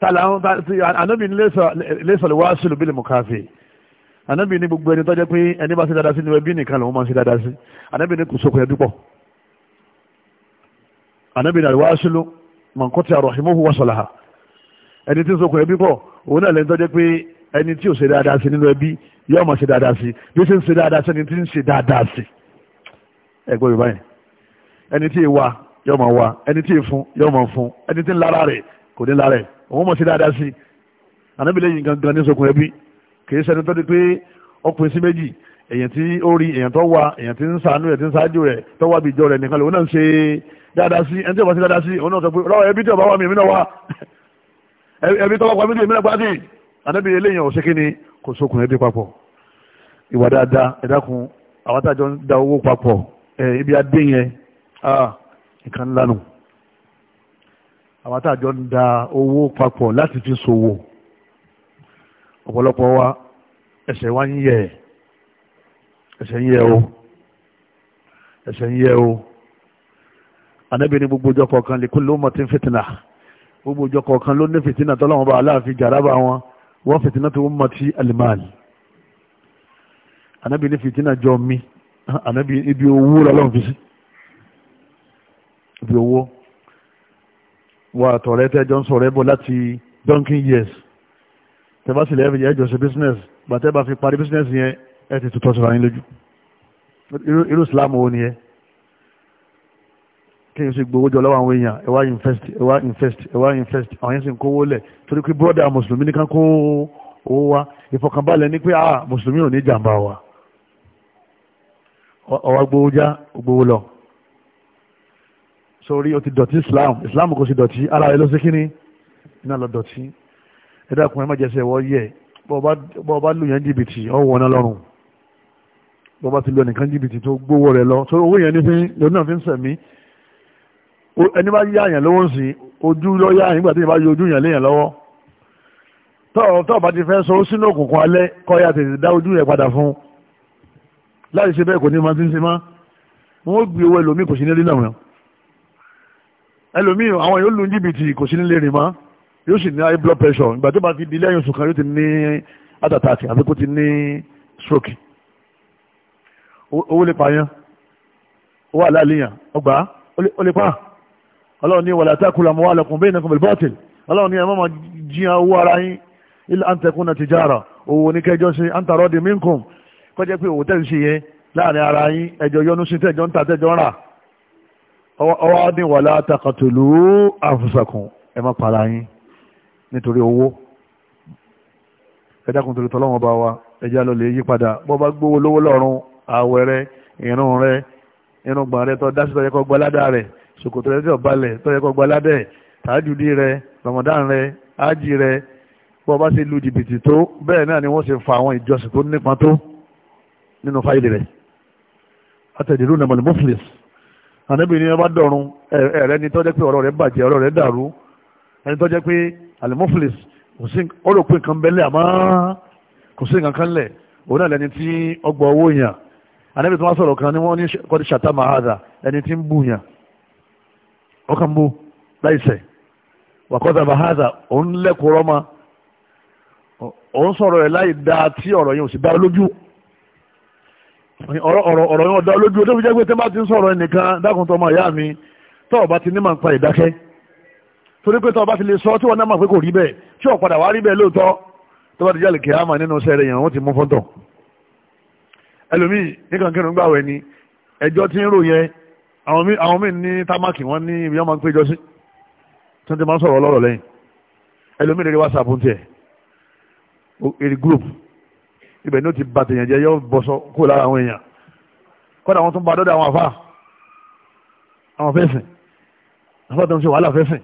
[SPEAKER 1] tààlà àwọn bá ti ànábì ní lẹ́sọ̀lẹ̀ wá sílù bílẹ̀ mọ̀káfì ànábì ní gbogbo ẹni tọ́jẹ́ pé ẹni bá ṣe dáadáa sí ni ẹbí nìkan lòun máa ṣe dáadáa sí ànábì ní kò sókun ẹbí pọ̀ ànábì náà wá sílù mọ̀nkọ́tì àròhìmọ́hù wá sọ̀làhà ẹni tí sókun ẹbí pọ̀ òun náà lẹ́ni tọ́jẹ́ pé ẹni tí ò ṣe dáadáa sí nínú ẹbí yóò máa ṣe dáadáa sí bí ṣe ń ṣe dáadáa sí ẹni tí ń ṣe dáadáa sí ẹgbẹ́ yorùbá yóò máa ẹni tí ì òun mọ̀ sí dáadáa sí ànábì lẹ́yìn gangan ní sọkùn ẹbí kìí ṣẹni tó di pé ọkùnrin sí méjì èyàn tí ó rí èyàn tó wà èyàn tí ń sànú èyàn tí ń ṣáájú rẹ̀ tó wà bìjọ rẹ̀ nìkan lòun náà ń ṣe dáadáa sí ẹni tí ó bá ṣe dáadáa sí òun náà sọ pé rọ ẹbí tí ó bá wà mí èmi náà wà [LAUGHS] ẹbí tó wà pa mí èmi náà pàdé ànábì eléyàn ò ṣe kí ni kò sókun ẹbí papọ̀ ìwà dáadáa ẹ̀dákun àwọn tájọ ń da owó papọ̀ ibi adé yẹn ah, nǹkan ńlá nù àwọn àtàjọ ń da owó papọ̀ láti fi ṣòwò ọ̀pọ̀lọpọ̀ wa ẹsẹ̀ wa ń yẹ ẹsẹ̀ ń yẹ o ẹsẹ̀ ń yẹ o Ànábì ní gbogbo ọjọ́ kọ̀ọ̀kan li kulli ummatin fìtìnà gbogbo ọjọ́ kọ̀ọ̀kan ló ní fìtìnà tọ́lọ́wọ́n bá aláàfin jàrábà wọn wọ́n fìtìnà tó ummati al-mal Ànábì ní fìtìnà jọ mi Ànábì ibi owó lọ́lọ́run fi sí ibi owó wà tọ̀rẹ́ tẹ́ jọ ń sọ̀rẹ́ bọ̀ láti donkey years tẹ́bá sì lẹ́ẹ̀fì yẹn jọ̀sẹ̀ business gbàtẹ́ bá fi parí business yẹn ẹ ti tutọ́ sọ̀rọ̀ yín lójú irú Islam wo ni ẹ kéyìn sì gbowó jọ lọ́wọ́ àwọn èèyàn ẹ wá invest ẹ wá invest ẹ wá invest àwọn yẹn sì ń kówó lẹ̀ torí pé brọ́dà mùsùlùmí nìkan kó owó wa ìfọkànbalẹ̀ ni pé ah mùsùlùmí ò ní jàǹbá wa ọwọ́ gbowó já gbowó lọ sórí o ti dọ̀tí islam islam kò sí dọ̀tí ara rẹ ló sí kíní iná lọ dọ̀tí ẹ dákun ẹ má jẹsẹ̀ wọ́ yẹ bọ́ bá lù yẹn jìbìtì ọ wọ̀ ọ́nà lọ́rùn bọ́ bá ti lọ nìkan jìbìtì tó gbówó rẹ lọ sórí owó yẹn ní fi lónìí náà fi ń sẹ̀mí ẹni bá yá yẹn lọ́wọ́ sí ojú lọ yá yẹn nígbà tí yẹn bá yọ ojú yẹn léyàn lọ́wọ́ tọ́ọ̀ tọ́ọ̀ bá ti fẹ́ sọ ó sínú òkùnkùn alẹ́ kọ́ ya tètè dá ojú yẹn padà fún láì ṣe bẹ́ẹ̀ kò ní máa ti ń ṣe má wọ́n gbé owó ẹlòmíì kò sí ní rí náà ẹlòmíì àwọn yóò lu jìbìtì kò sí nílé rìn mọ́ yóò sì ní high blood pressure ìgbà tó bá ti di lẹ́yìn oṣù kan yóò ti ní heart attack àbí kó ti ní stroke owó lè pààyàn owó àlàlíyàn ọgbà ó lè pa ọlọ́run ní wàlá tákùlà mọ́ àlọ́kùn bẹ́ẹ̀ nàkùn bẹ̀rẹ̀ bọ́ọ̀tì ọlọ́run ní ẹ̀ mọ́mọ́ jíyan owó ara yín ilẹ̀ àǹtẹ̀kùn náà ti jára owó ní kẹjọ́ sí àǹtàrọ́dì mínkùn kọjá pé òwò tẹ̀ ń ṣe yẹn láàrin ara yín ẹjọ́ yọnu sí tẹ̀jọ́ ń ta tẹ̀jọ́ ń rà ọwọ́ ní wàlá takàtòlú àfúsàkùn ẹ má para yín nítorí owó ẹ dákun torí tọ́lọ́wọ́n bá wa ẹ já lọ lè yí padà bọ́ bá gbówó lówó lọ́rùn àwẹ̀ rẹ ìrun rẹ inú gbọ̀n rẹ tọ́ dásí tọ́yẹ́kọ́ gbaládà rẹ ṣòkòtò rẹ tí ọ̀balẹ̀ tọ́yẹ́kọ́ gbaládà ẹ̀ tàájúdí rẹ ramadan rẹ ájì rẹ bọ́ bá ṣe lu jìbìtì tó bẹ́ẹ̀ náà ni wọ́n ṣe fa àwọn ìjọsìn tó nípa tó nínú fáìlì rẹ̀ àtẹ̀dẹ̀rú nàmọ̀lẹ́mọ́fìlẹ̀sì ànábì ni ẹ bá dọ̀run ẹ̀rẹ́ ni tọ́jẹ́ pé ọ̀rọ̀ rẹ̀ bàjẹ́ ọ̀rọ̀ rẹ̀ dàrú ẹni tọ́jẹ́ pé alimoflis kò sí ó rò pé nǹkan bẹ́lẹ̀ àmọ́ kò sí nǹkan kan lẹ̀ òun náà lẹni tí ọgbà owó yàn tí wọ́n sọ̀rọ̀ kan ni wọ́n ní kọ́ni ṣàtà mahada ẹni tí ń ọ̀rọ̀ ọ̀rọ̀ ọ̀rọ̀ yẹn ọ̀dá olójú tó fi jẹ́ pé tẹ́ bá ti ń sọ̀rọ̀ ẹnìkan dákun tọmọ ìyá mi tọ́ ọba ti ní màá ń pa ìdákẹ́ torí pé tọ́ ọba ti lè sọ tí wọ́n náà mọ̀ pé kò rí bẹ́ẹ̀ tí ò padà wá rí bẹ́ẹ̀ lóòótọ́ tó bá ti jáde kìí àmà nínú sẹ́rẹ̀ yẹn wọ́n ti mú fọ́tọ̀ ẹlòmíì nìkan kírun gbà wẹ̀ ni ẹjọ́ ti ń rò yẹn àwọn míì ní támákì wọ́n ní ibi wọ́n máa ń péjọ sí tí wọ́n ti máa ń sọ̀rọ̀ ọlọ́rọ̀ lẹ́yìn ẹlòmíì lè rí wásaapù tiẹ̀ group ibẹ̀ ní ó ti bàtẹ̀yàn jẹ́ yọ bọ́sọ kó lára àwọn èèyàn kọ́dà wọn tún bá dọ́dọ̀ àwọn afá àwọn fẹ́sìn afá tó ń ṣe wàhálà fẹ́sìn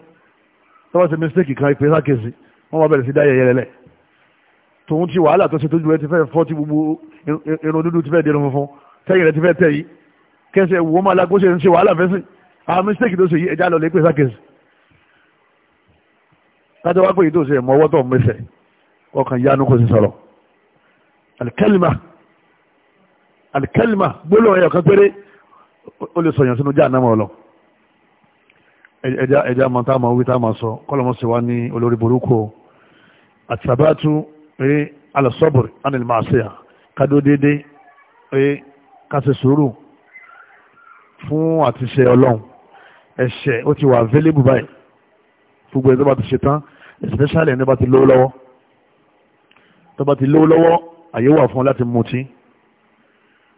[SPEAKER 1] tọ́wọ́ ṣe mistake kan ìpè sákèsì wọ́n bá bẹ̀rẹ̀ sí dáyẹ̀yẹ lẹ́lẹ̀ tòun ti wàhálà tó ṣe tójú rẹ ti fẹ́ fọ́ ti gbogbo irun dúdú ti fẹ́ dẹrun funfun tẹ́yìn rẹ ti fẹ́ tẹ̀ yìí kẹsẹ̀ wo máa lágbó ṣe ń ṣe wàhálà fẹ́sìn àwọn mistake tó ṣe yìí ẹja lọ lè pè sákèsì tájọ́ wá pé yìí tó ṣe ẹ̀mọ́ ọwọ́ tó ń mẹsẹ̀ ọkàn yanu kò sì sọ̀rọ̀ Alikalima alikalima gbólóhùn ẹ̀yọ̀ kan péré ó lè sọ̀yàn sínú jáà náà lọ ẹja ẹja máa tá a máa wí tá a máa sọ kọ́lọ́mọ́ sì wá ní olórí burúkú o àtìsàbátú eré alẹ́sọ́bùrì ánìlmáṣẹ́yà kádó déédé eré kásẹ̀ sùúrù fún àtiṣe ọlọ́run ẹ̀ṣẹ̀ ó ti wà available báyìí gbogbo ẹ̀ tó bá ti ṣe tán especially ẹni tó bá ti lówó lọ́wọ́ tó bá ti lówó lọ́wọ́ àyè wà fún láti mutí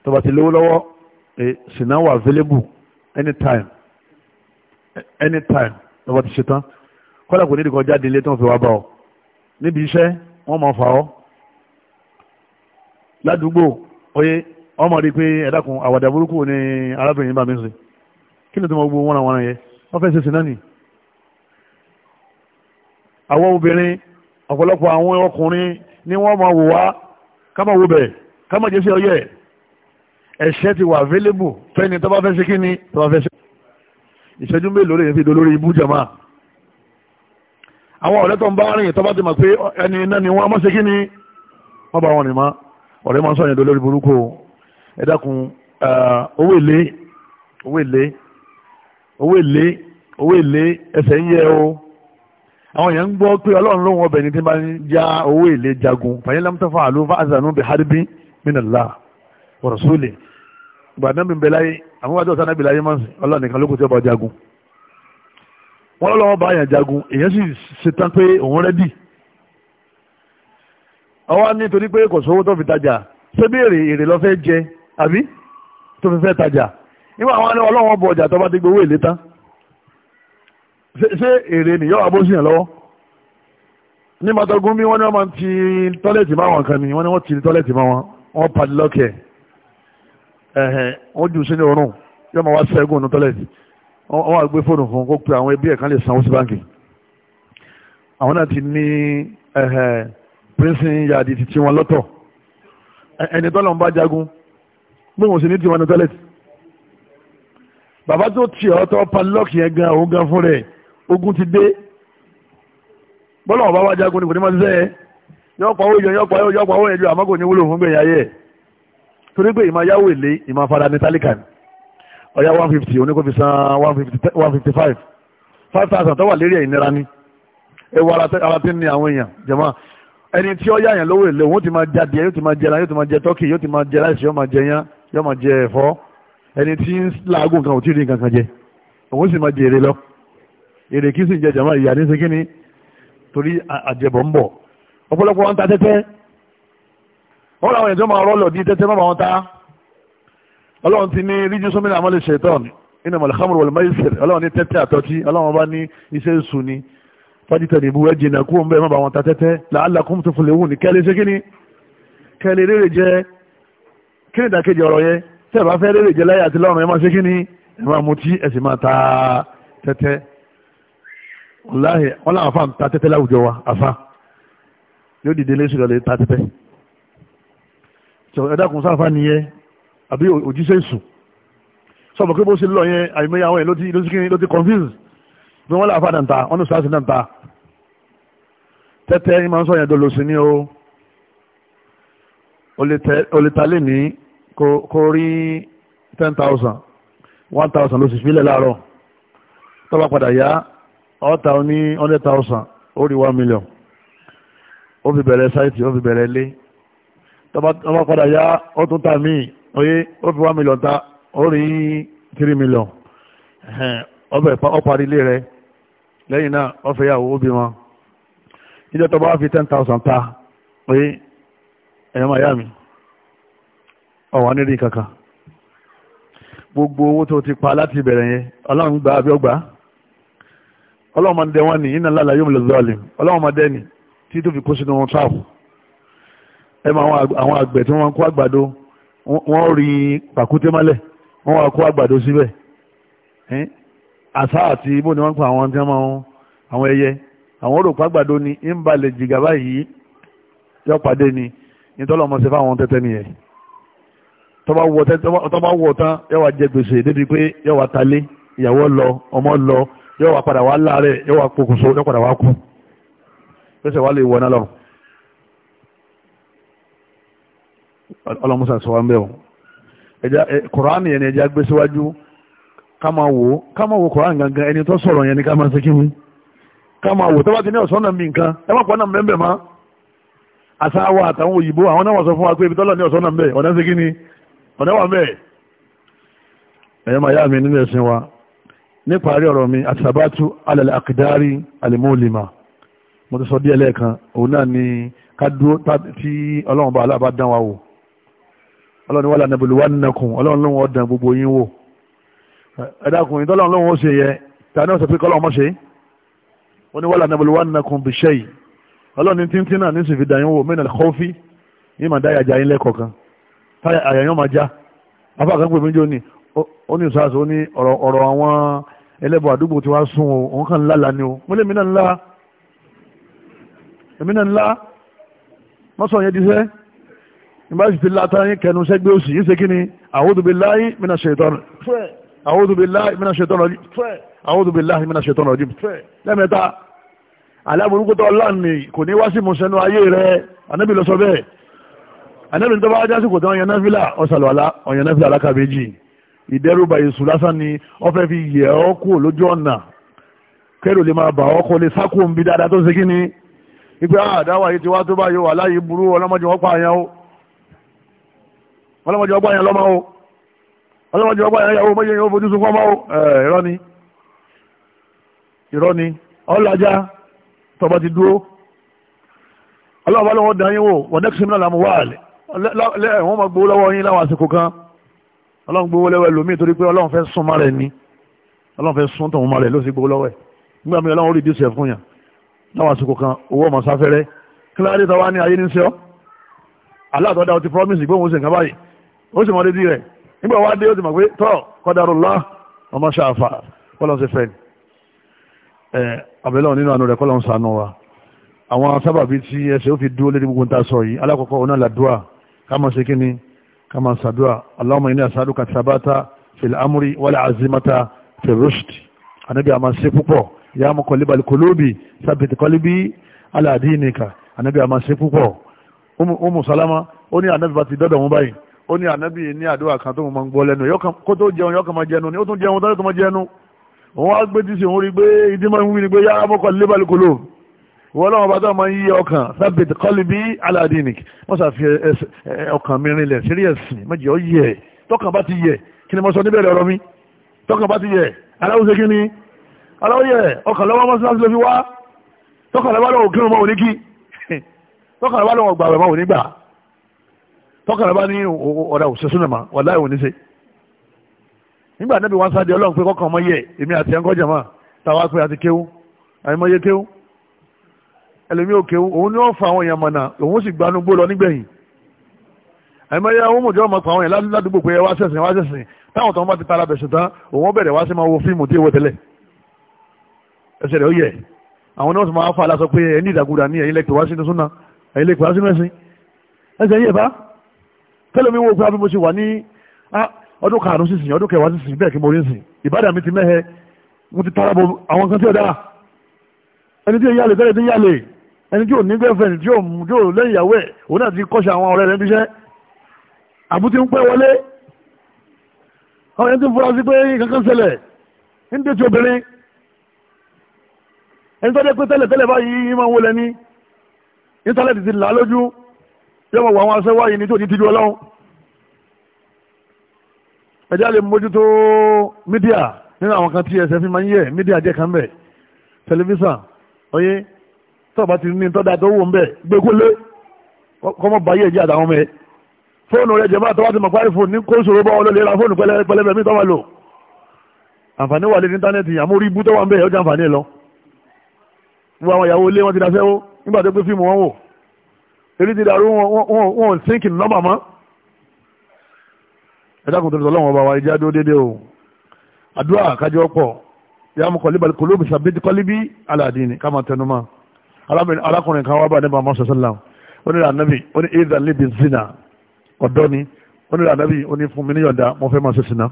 [SPEAKER 1] tó ti lówó lọ́wọ́ ṣìnà wà available anytime anytime tó bá ti ṣe kọ́lá kò nídìí kan jáde ilé tó ń fi wá bá ọ níbi iṣẹ́ wọ́n máa fà ọ́ ládùúgbò oyè ọmọ rí i pé ẹ̀dákun àwàdà burúkú ni arábìnrin bá mi ń kí ni tó máa gbó wọ́n àwọn yẹn wọ́n fẹ́ ṣe ṣìnà nì àwọn obìnrin ọ̀pọ̀lọpọ̀ àwọn ọkùnrin ni wọ́n máa wò wá Kama wo kama kámọ̀ jẹ́ sí ọyẹ́ ẹ̀ṣẹ́ ti wà available fẹ́ni tó bá fẹ́ ṣe kí ni tó bá fẹ́ ṣe. ìṣẹ́jú mélòó lè fi dolórí ibú jàmá àwọn ọ̀rẹ́ tó ń bá rìn tó ti mọ̀ pé ẹni iná ni wọ́n mọ̀ ṣe kí ni wọ́n bá wọn rìn mọ́ ọ̀rẹ́ máa ń sọ̀yìn dolórí burúkú ẹ dákun owó èlé owó èlé owó èlé owó èlé ẹsẹ̀ ń yẹ o àwọn èèyàn ń gbọ́ pé ọlọ́run lóhun ọbẹ̀ ní tí bá ń já owó èlé jagun fàyẹ́ lámútọ́fà àló fáàzànú bẹ̀ harbin mínàlá wọ̀rọ̀sọ́lẹ̀ gbàdán bí bẹ láyé àwọn wájú ọ̀sán náà bí láyé mọ́sí ọlọ́run nìkan lókùn tí ó bá jagun wọ́n lọ́wọ́ bá yàn jagun èèyàn sì ṣetán pé òun rẹ́dì ọwọ́ nítorí pé kò sówó tó fi tajà nígbà àwọn ọlọ́run ọbọ̀ ọjà tó bá ti gbowó èlé tán ṣé èrè nìyọ́ abóṣìyàn lọ́wọ́ ní matagun bí wọ́n ní wọ́n máa ti tọ́lẹ̀tì máa wọn kan ni wọ́n ní wọ́n ti tọ́lẹ̀tì máa wọn wọ́n padì lọ́kẹ̀ ẹ̀hẹ̀n wọ́n jù sínú ọ̀run yóò máa wá sẹ́gun ní tọ́lẹ̀tì wọ́n wá gbé fóònù fún kó pe àwọn ẹbí ẹ̀ kan lè sanwó sí báńkì àwọn náà ti ní ẹ̀hẹ̀n pírísìn yàdì ti tiwọn lọ́tọ̀ ẹni tọ́lọ̀ ń bá jagun bí wọ́n sì ní tiwọn ní tọ́lẹ̀tì bàbá tó tiẹ̀ ọ́ tọ́ padì yẹn gan òun gan fún rẹ̀ ogun ti dé bọ́lá wọn bá wá jagun ní kò ní máa ṣiṣẹ́ yẹn yọ pa owó yẹn yọ pa owó yọ pa owó yẹn ju àmọ́ kò ní wúlò fún gbẹ̀yà yẹ torí pé ìmọ̀ yáwó èlé ìmọ̀ afárá ní tálíkà ni ọ̀yá one fifty oníkó fi san one fifty five five thousand tó wà lérí ẹ̀ ìnira ni ẹ wọ ara tí ń ní àwọn èèyàn jẹ̀mọ́ ẹni tí ó yá yẹn lówó èlé òun ti máa jáde yóò ti máa jẹ yóò ti máa jẹ tọ́kì yóò ti máa jẹ láìsí yóò máa jẹ yán yóò máa jẹ ẹ̀fọ́ ẹni tí ń làágùn kan ò tí ì rí nǹkan kan jẹ òun sì máa jèrè lọ èrè kí sì ń jẹ jàmá ìyá ní sekínì torí àjẹbọ̀ ń bọ̀ ọ̀pọ̀lọpọ̀ wọn ta tẹ́tẹ́ wọ́n làwọn ètò máa rọ́ọ̀lọ̀ ní tẹ́tẹ́ máa wọn ta ọlọ́run ti ní ríjú sómìnà àmọ́lẹ̀ ṣètọ́n iná mọ̀lẹ́ hamuru wọlé mẹ́sìr ọlọ́run ní tẹ́tẹ́ àtọ́tí ọlọ́run bá ní iṣẹ́ sùn ni fájítẹ̀ níbu ẹ jìnà kú ọmọbẹ má bá wọn ta tẹ́tẹ́ làálà kún tó fúnlẹ̀ wù ní kẹ́lẹ́ ṣe kíni kẹ́lẹ́ rèrè jẹ kíni ìdàkejì ọ̀rọ̀ yẹ tẹ́ bá jẹ láyé àti lọ́rùn ẹ máa ṣe kíni ẹ máa mutí ẹ sì máa ta tẹ́tẹ́ wọláhì wọn làwọn afa ń ta tẹ́tẹ́ láwùjọ wa afa yóò dìde lé sùgbọ́n lè ta tẹ́tẹ́ sọ ẹ̀dá kun sáfà nìyẹn àbí òjíṣẹ́ sùn sọ̀bọ̀ kí bó ṣe lọ yẹn àìmọye àwọn yẹn ló ti ló ti kí ló ti confuse bí wọn làwọn afa náà ń ta wọn ní sàásì náà ń ta tẹ́tẹ́ yín máa ń sọ yẹn dolo sí ni o o lè ta lé ní kó rí ten thousand one thousand ló sì fi lẹ̀ láàárọ̀ tọ́ba padà yá ọ̀tà ó ní hundred thousand ó one million ó fi bẹ̀rẹ̀ sáìtì ó fi bẹ̀rẹ̀ ilé tọ́ba padà yá ó tún tà míì oyé ó fi one million ta ó rí three million ọbẹ̀ ó parí ilé rẹ̀ lẹ́yìn náà ó fẹ́ yàwó ó bímọ níjẹ́ tọ́ba fi ten thousand ta oyé ẹ̀yọ́ máa yá mi ọ̀wọ́n ní rí kankan gbogbo owó tó ti pa láti ìbẹ̀rẹ̀ yẹn ọlọ́run gbà á bí ó gbà á ọlọ́run máa ń dẹ wọn ní iná lálá yóò lè zọ́ọ̀lì ọlọ́run máa dẹ́ni tí tó fi kó sínú wọn táàbù ẹ máa àwọn àgbẹ̀ tí wọ́n kó àgbàdo wọ́n rí pàkúté mọ́lẹ̀ wọ́n wá kó àgbàdo síbẹ̀ àṣà àti ibo ni wọ́n pa àwọn tí wọ́n máa ń àwọn ẹyẹ àwọn òròpá àgbàdo ni ń balẹ̀ jìgà báyìí yọ pàdé ni nítorí ọmọ sí fáwọn tẹ́tẹ́ nìyẹn tọ́ba wọ̀ tán yọ wá jẹ gbèsè débi pé yọ wá talé ìyàwó lọ ọmọ lọ yóò wá padà wá láàárẹ̀ yóò wá pokùnso yóò padà wá kú lọ́sẹ̀ wá lè wọ náà lọ. ọlọ́musa sọ wá ń bẹ̀ o ẹja kùránì yẹn ni ẹja gbé síwájú ká máa wò ká wò kùránì gangan ẹni tó sọ̀rọ̀ yẹn ni ká máa ṣekí mi ká máa wò tó ti ní ọ̀sán náà mi nǹkan ẹ má pọ̀ náà mẹ́mbẹ̀ má àṣà wa àtàwọn òyìnbó àwọn náà wà sọ fún wa pé ibi tọ́lọ̀ ní ọ̀sán náà mẹ́ ọ̀dá ṣekí ni ọ̀dá wà mẹ́ ẹ̀yẹ́ máa yá mi nínú ẹ̀sìn wa níparí ọ̀rọ̀ mi àtàbátú alẹ́lẹ́ àkìdárí alẹ́mọ́lìmá mo ti sọ díẹ̀ lẹ́ẹ̀kan òun náà ni kádúró tí ọlọ́run bá aláàbá dán wa wò ọlọ́run wàlá nàbẹ̀lú wà nàkùn ọlọ́run lóun ọ̀dàn gbogbo yín wò ẹ̀dàkùnrin tọ́lọ́run lóun ó ṣe yẹ ta ni ó sọ pé kọ́lọ́run mọ́ ṣe ó ní wàlá nàbẹ̀lú wà nàkùn bí ṣe yìí ọlọ́run tí ń náà ní fi dà ẹlẹ́bọ̀ àdúgbò tí wàá sún o òun kàn lálàá ni o mo lè mìíràn ńlá mìíràn ńlá mọ́sàn yẹn diṣẹ́ ìbáṣe ti láta yín kẹnu sẹ́gbẹ́ òsì yín ṣe ni a'udhu billahi minash shaitanir rajim a'udhu billahi minash shaitanir rajim a'udhu billahi minash shaitanir rajim lẹ́mẹ̀ta aláburúkútọ̀ ọláàni kò ní wá sí mọ̀sẹ́nu ayé rẹ̀ anábì lọ sọ bẹ́ẹ̀ anábì tó bá wájá sí ìdẹ́rùbà èṣù lásán ni wọ́n fẹ́ fi yẹ̀ ọ́ kú lójú ọ̀nà kẹ́rù lè máa bà ọ́ kó lè sákò ń bi dáadáa tó ṣe kí ni ipe àdáwà ah, yìí ti wá tó báyìí wà láyé burú ọlọ́mọdé wọ́n pa àyàn o ọlọ́mọdé wọ́n pa àyàn lọ́mọ o
[SPEAKER 2] ọlọ́mọdé wọ́n pa àyàn yàwó
[SPEAKER 1] ọlọ́mọdé wọ́n dán yín wò wọ́n dẹ́kun sí mi náà làmú wáàlì lẹ́ẹ̀ wọ́n máa gbowó ọlọ́run gbowó lọ́wọ́ ẹlòmíì torí pé ọlọ́run fẹ́ sún mọ́rẹ̀ ni ọlọ́run fẹ́ sún tọ̀hún mọ́rẹ̀ ló sì gbowó lọ́wọ́ ẹ̀ nígbà míì ọlọ́run rí díṣẹ́ fún yàn láwọn àsìkò kan owó ọmọ sáfẹ́rẹ́ kí ló dé ní ayé ní sẹ́ọ́ aláàtọ̀dá o ti promise pé òun sì nǹkan báyìí ó sì mọ dédí rẹ̀ nígbà wá dé ó ti mọ̀ pé tọ́ qadarullah ọmọ ṣàfà kọ́lọ́n fẹ́ ni ẹ abẹ́lẹ́ nínú àánú rẹ̀ kọ́lọ́n ṣàánú wa àwọn sábàbí tí ẹsẹ̀ ó fi dúró lórí kama sadua allahumma inni asaluka sabata fil amri wal azimata fil rushd anabi ama ṣe púpọ̀ ya muqallibal qulubi thabbit qalbi ala dinika anabi ama ṣe púpọ̀ umu salama ó ní anabi bati dodo mu báyìí ó ní anabi ní àdúà kan tó mo gbọ́ lẹ́nu yo kan kó tó jẹun yo kan má jẹnu ni ó tún jẹun tó tó má jẹnu wọ́n á gbé tí sí òun rí gbé ìdí máa ń wí ni pé yá muqallibal qulubi wọ́n lọ́wọ́ bá tó máa ń yí ọkàn sábẹ̀tì kọ́lì bí aládìník wọ́n sàfi ọkàn mi rinlẹ̀ sírí ẹ̀sìn méjì ọ yẹ tọkàn bá ti yẹ kí ni mo sọ níbẹ̀rẹ̀ ọ̀rọ̀ mi tọkàn bá ti yẹ aláwùsẹ̀ kí ni aláwọ̀ yẹ ọkàn lọ́wọ́ mọ́sálásí ló fi wá tọkàn lọ́wọ́ lọ́wọ́ kírun mọ́ òní kí [LAUGHS] tọkàn lọ́wọ́ lọ́wọ́ gbàgbẹ́ mọ́ òní gbà tọkàn lọ́wọ́ ní ọ̀dà òṣèṣúnàmà wàlá ìwòní se ẹlòmí òkè òun ni wọ́n fa àwọn èèyàn mọ̀nà òun sì gbanú gbó lọ nígbẹ̀yìn àìmọye àwọn mọ̀jọ́ ọmọ pa àwọn èèyàn ládùúgbò pé wá sẹ̀sìn wá sẹ̀sìn táwọn tó ń bá ti tara bẹ̀sùn tán òun bẹ̀rẹ̀ wá sí máa wo fíìmù tí èwo tẹ́lẹ̀ ẹsẹ̀ rẹ̀ ó yẹ àwọn náà sì máa fa aláṣọ pé ẹni ìdàgùdà ní ẹ̀yìn lẹ́kẹ̀ẹ́ wá sínú súnà ẹ̀yìn lẹ́kẹ̀ẹ́ wá sínú ẹ̀sìn ẹsẹ̀ yẹ bá tẹ́lẹ̀mí wo pé abí mo ṣe wà ní ọdún karùn-ún sísìn ọdún kẹwàá sísìn bẹ́ẹ̀ kí mo rí sìn ìbádà mi ti mẹ́hẹ mo ti tara bo àwọn kan tí ó dára ẹni tí ó yálè tẹ́lẹ̀ tí ó yálè ẹni tí ò ní girlfriend tí ò mú tí ò lẹ́yìn ìyàwó ẹ̀ òun náà ti kọ́ṣe àwọn ọ̀rẹ́ rẹ̀ níṣẹ́ àbútí ń pẹ́ wọlé ọ̀rẹ́ tí ń fura sí pé kankan ṣẹlẹ̀ ń dé ti obìnrin ẹni tó dé pé tẹ́lẹ̀ tẹ́lẹ̀ báyìí máa ń wọlé ní íńtánẹ́ẹ̀tì ti là lójú yóò wọ àwọn aṣẹ́wó yìí ní tí ò ní tijú ọlọ́run ẹjẹ́ lè mójútó mídíà nínú àwọn kan tí ẹsẹ̀ fi máa ń yẹ mídíà jẹ́ kan bẹ̀ tẹlifíṣàn oyé tọ́ọ̀bá ti ní tọ́da tó wò ń bẹ̀ gbẹ́kúlé kọ́mọ báyé ẹ̀jẹ̀ àtàwọn ọmọ ẹ̀ fóònù rẹ̀ jẹ̀mọ́ àtọ́wá ti mọ̀ parí fóònù ní kó ṣòro bá wọn lè ra fóònù pẹlẹbẹ mi tọ́wọ́ lò àǹfààní wà lé ní íńtánẹ́ẹ̀tì àmú rí ibú tọ́wọ́ ń bẹ̀ ọjà àǹfààní lọ gbogbo àwọn ìyàwó ilé wọn ti daṣẹ́wó nígbà tó gbé fíìmù wọn wò eré ti dàrú wọn sínkì nọ́mbà mọ́ ẹ dákun tó lọ́wọ́ bá wa ẹ jẹ́ adó dédé o àdúrà kájọ pọ̀ yàmùkọ̀lẹ́bàlẹ́ kọ́líbí aládìní ká máa tẹnu arákùnrin kan wá bá nípa mọ́sán sálàm ó ní ànábì ó níbi zina ọ̀dọ́ ni ó ní ànábì ó ní fún mi ní yọ̀dá mo fẹ́ máa ṣe sinna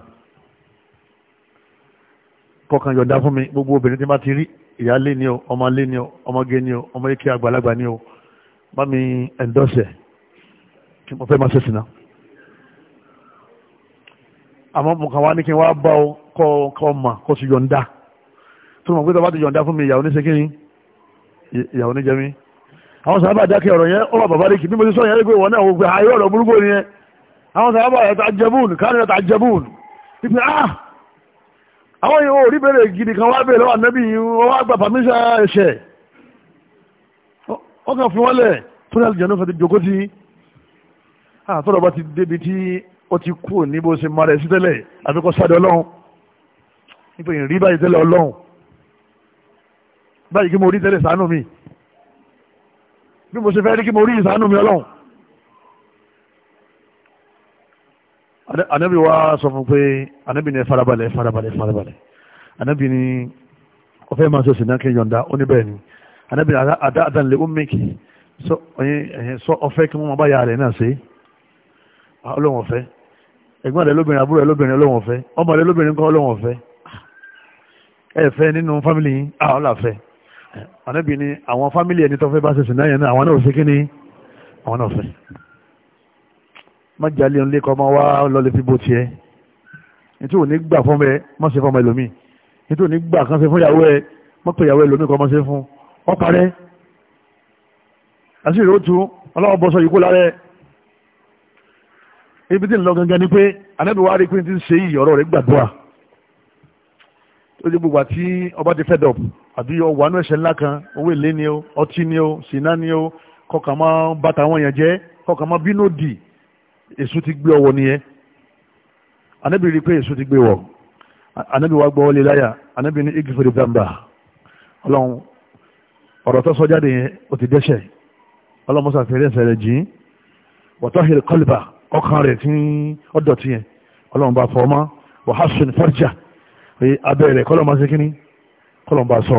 [SPEAKER 1] kọkàn yọ̀dá fún mi gbogbo obìnrin tí bá ti rí ìyá lé ni o ọmọ lé ni o ọmọge ni o ọmọ ike àgbàlagbà ni o bá mi ẹ̀ńdọ́sẹ̀ kí mo fẹ́ máa ṣe sinna àmọ́ mo kàn wá ní kí n wá bá ọ kọ́ ọ mà kó sì yọ̀ǹda tó mọ̀ pé tó bá ti yọ̀ǹda fún mi ìyàwó ní ìyàwó ní jẹmí àwọn sábà dákẹ́ ọ̀rọ̀ yẹn ọba bàbá rí kì bí mo ti sọ yẹn pé wọn náà wọ́n pé ayé ọ̀rọ̀ burúkú ni yẹn àwọn sábà rẹ̀ ta jẹbùn káàdì rẹ̀ ta jẹbùn ipe ah àwọn yìí ò rí bèrè gidi kan wá bèrè lọ́wọ́ ànábì yìí wọ́n wá gba pàmíṣà ẹ̀ṣẹ̀ wọ́n kàn fún wọn lẹ̀ tó ní àlùjẹ̀ náà fẹ́ ti jòkó ti àtọ́rọ̀ bá ti débi tí ó ti kú ní bó ṣe mara ẹ̀ sí tẹ́lẹ̀ àfikọ́ sádẹ́ ọlọ́run nípa ìrí báyìí tẹ́lẹ̀ ọlọ́run báyìí kí mo rí tẹ́lẹ̀ ṣàánú mi bí mo ṣe fẹ́ rí kí mo rí ìṣàánú mi ọlọ́run anabi wa sọ fún pé anabi ní farabalẹ̀ farabalẹ̀ farabalẹ̀ anabi ní ọfẹ́ máa ṣe ṣìnà kí yọ̀nda ó ní bẹ́ẹ̀ ni anabi àdáàdán lè ó mẹ́kì sọ ọfẹ́ kí wọ́n bá yà rẹ̀ náà ṣe ah, ọlọ́wọ̀n ọ̀fẹ́ ẹ̀gbọ́n rẹ̀ lóbìnrin àbúrò rẹ̀ lóbìnrin ọlọ́wọ̀n ọ̀fẹ́ ọmọ rẹ̀ lóbìnrin kan ọlọ́wọ̀n ọ̀fẹ́ ah, ẹ̀fẹ́ nínú fámìlì yín àwọn ah, làfẹ́ ànábì ni àwọn fámílì ẹni tó fẹ́ bá ṣẹ̀ṣẹ̀ náà yẹn náà àwọn náà ṣe kíní àwọn náà fẹ́ má jalè ń lékọ́ máa wá lọlé fi bó tiẹ̀ nítorí òní gbà fún bẹ má ṣe fọmọ ẹlòmíì nítorí òní gbà kan ṣe fún ìyàwó ẹ má pè ìyàwó ẹlòmíì kan má ṣe fún ọ parẹ́ àti ìró tu ọlọ́wọ́ bọ́sọ yìí kó lára ẹ ibi tí ń lọ gangan ni pé ànábì wa rí pé ti ń ṣe yìí ọ̀rọ̀ rẹ̀ gbàdúrà ó di gbogbo àti ọba ti fẹ́ dọ̀pù àbí ọwọ́ àánú ẹ̀ṣẹ̀ ńlá kan owó èlé ni o ọtí ni o sìná ni o kọkàn máa bàtà àwọn èèyàn jẹ́ kọkàn máa bínú dì èṣù ti gbé ọwọ́ nìyẹn anábì rí i pé èṣù ti gbé wọ̀ anábì wa gbọ́ wọlé láyà anábì ní igi fèrè gbàmbà ọlọ́run ọ̀rọ̀ tó sọ yẹn ó ti dẹ́ṣẹ̀ ọlọ́run mọ́sá fèrè ẹ̀ṣẹ̀ rẹ̀ jìn wọ́tọ́ hìrì kọ́lìbà ọkàn rẹ̀ tí ọ̀dọ̀ ti ọlọ́run bá fọ́ ọmọ kọlọ̀mbà sọ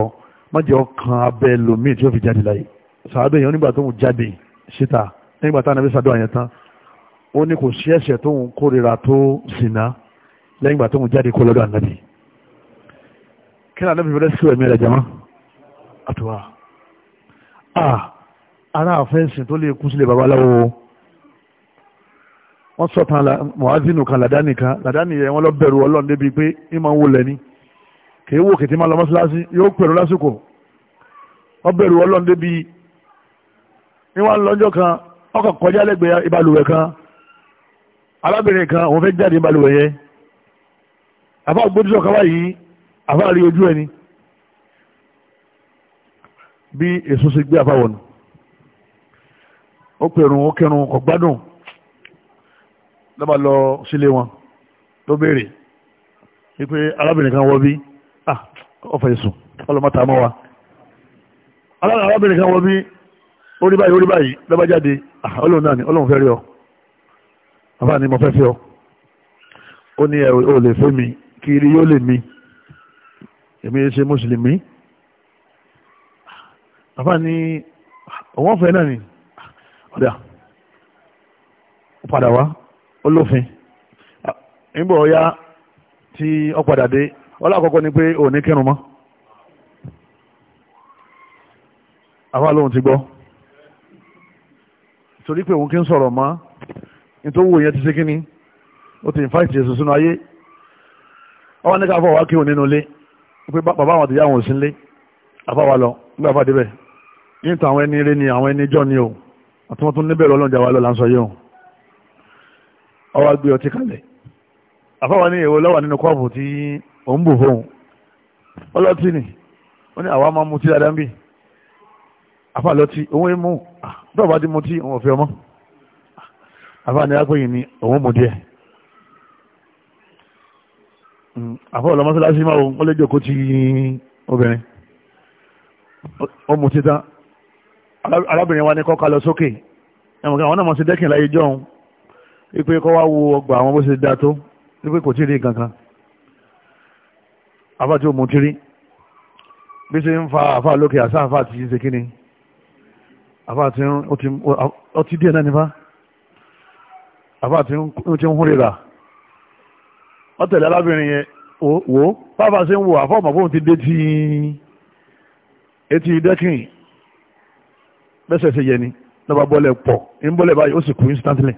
[SPEAKER 1] mọ́jẹ́ ọkàn abẹ́ lomi tí ó fi jáde láyé sàádọ́ èèyàn nígbà tó ń jáde síta nígbà tá ànábì sàdọ́ àyẹn tán ó ní kò sí ẹ̀ṣẹ̀ tó ń kórira tó sìnà lẹ́yìn ìgbà tó ń jáde kó lọ́dọ̀ ànábì kí ni ànábì fẹ́rẹ́ síwẹ̀ mi rẹ̀ jama àtúwà a ara àfẹ́sìn tó lè kú sílẹ̀ babaláwo wọ́n sọ̀tàn mọ̀hazínù kan ladani kan làdánì yẹn wọ́n lọ bẹ̀rù ọlọ́run débi pé ìmọ̀ ń wọlẹ̀ kìí wò kìtì máa lọ mọ́sálásí yóò pèrò lásìkò ọbẹ̀rù ọlọ́run débi níwọ̀n lọ́jọ́ kan ọkọ̀ kọjá lẹ́gbẹ̀ẹ́ ìbalùwẹ̀ kan alábìnrin kan òun fẹ́ jáde ìbalùwẹ̀ yẹn àfa ògbójúsọ kan báyìí àfa rí ojú ẹni bí èso ṣe gbé àfa wọ̀nù ó pèrò ó kẹrun kò gbádùn lọ́ba lọ sílé wọn tó béèrè wípé arábìnrin kan wọ́ bí Ah, ọ̀fẹ́ sùn ọlọ́mọta mọ́ wa alára arábìnrin kan wọ bí orí báyìí orí báyìí lọ́ba jáde ah, ọlọ́run náà ni ọlọ́run fẹ́ rí ọ bàbá ni mo fẹ́ fẹ́ ọ ó ní ẹ ò lè fẹ́ mi kí irí yóò lè mi èmi ṣe mùsùlùmí bàbá ni òun fẹ́ náà ni ọ̀dà ó padà wá ó lófin ah, nígbà ọ̀ya tí ó padà dé ọlọ́kọ̀ọ́kọ́ ni pé ò ní kírun mọ́ àwa lóhun ti gbọ́ torí pé òun kí ń sọ̀rọ̀ mọ́ nítorí wò yẹn ti ṣe kí ni ó ti invite Jésù sínú ayé ọwọ́ ní ká fọwọ́ kí òun nínú ilé pé bàbá àwọn àtìyá àwọn ò sí ilé lọ nígbà fàdé bẹ̀ yín tàn àwọn ẹni eré ni àwọn ẹni jọ ni o àti wọ́n tún níbẹ̀rẹ̀ ọlọ́njà wa lọ ń sọ yìí o ọwọ́ gbé ọtí kalẹ̀ àfáwọn ní èwo lọ́wọ́ nínú kọ́ọ̀bù tí ò ń bù fóun ọlọ́tí ni ó ní àwa máa mu tí dáadáa ń bì àfa lọ́tí òun èmu bẹ́ẹ̀ bá ti mu òun ò ọmọ àfa ní apẹ́yìn ni òun mu díẹ̀ hmm, àfa ọ̀lọ́ mọ́sálásí máa wọ́n lé jòkó ti obìnrin ó mu tí tán arábìnrin wa ní kọ́ka lọ sókè ẹ̀mọ̀ká àwọn náà mọ̀ sí dẹ́kìn láyé jọ́hún wípé kọ́ wá wo ọgbà àwọn bó ṣe dáa tó wípé kò tí rí kankan afá tí ó mú tí rí bí ṣe ń fa afá lókè àṣà afá ti ṣe kíni afá tí ó ti díẹ̀ náà nípa afá tí ó ti ń hún rírà ó tẹ̀lé alábìnrin yẹn wò ó bábà ṣe ń wò àfọ́ ọmọ fóun ti dé ti etí dẹ́kìn bẹ́sẹ̀ ṣe yẹ ni lọ́ba bọ́lẹ̀ pọ̀ ń bọ́lẹ̀ báyìí ó sì kú instantly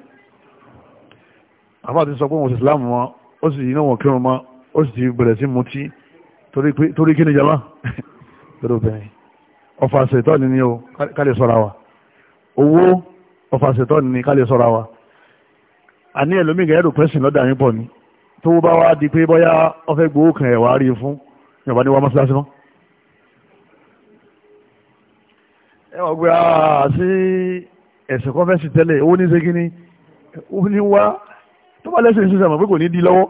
[SPEAKER 1] àfa ti sọ pé wọn ò sì islam mọ́ ó sì iná wọn kírun mọ́ ó sì bẹ̀rẹ̀ sí mutí torí kí ni jama lórí [LAUGHS] obìnrin ọ̀fà ṣètọ́ ni ni o ká lè sọ́ra wa owó ọ̀fà ṣètọ́ ni ni ká lè sọ́ra wa àní ẹlòmíì gẹ̀ẹ́ rò pẹ́sìn lọ́dà yín pọ̀ ni tó bá wá di pé bóyá ọ̀fẹ́ gbowó kan ẹ̀ rí fún ní ọ̀bá ní wá mọ́sálásí mọ́. ẹ wọ́n gbé a ah, sí ẹ̀sìn kọ́fẹ́sì tẹ́lẹ̀ owó ní ṣe kí ni ó ní wá tó bá lẹ́sìn ìṣúṣẹ́ mọ̀ pé kò ní di lọ́wọ́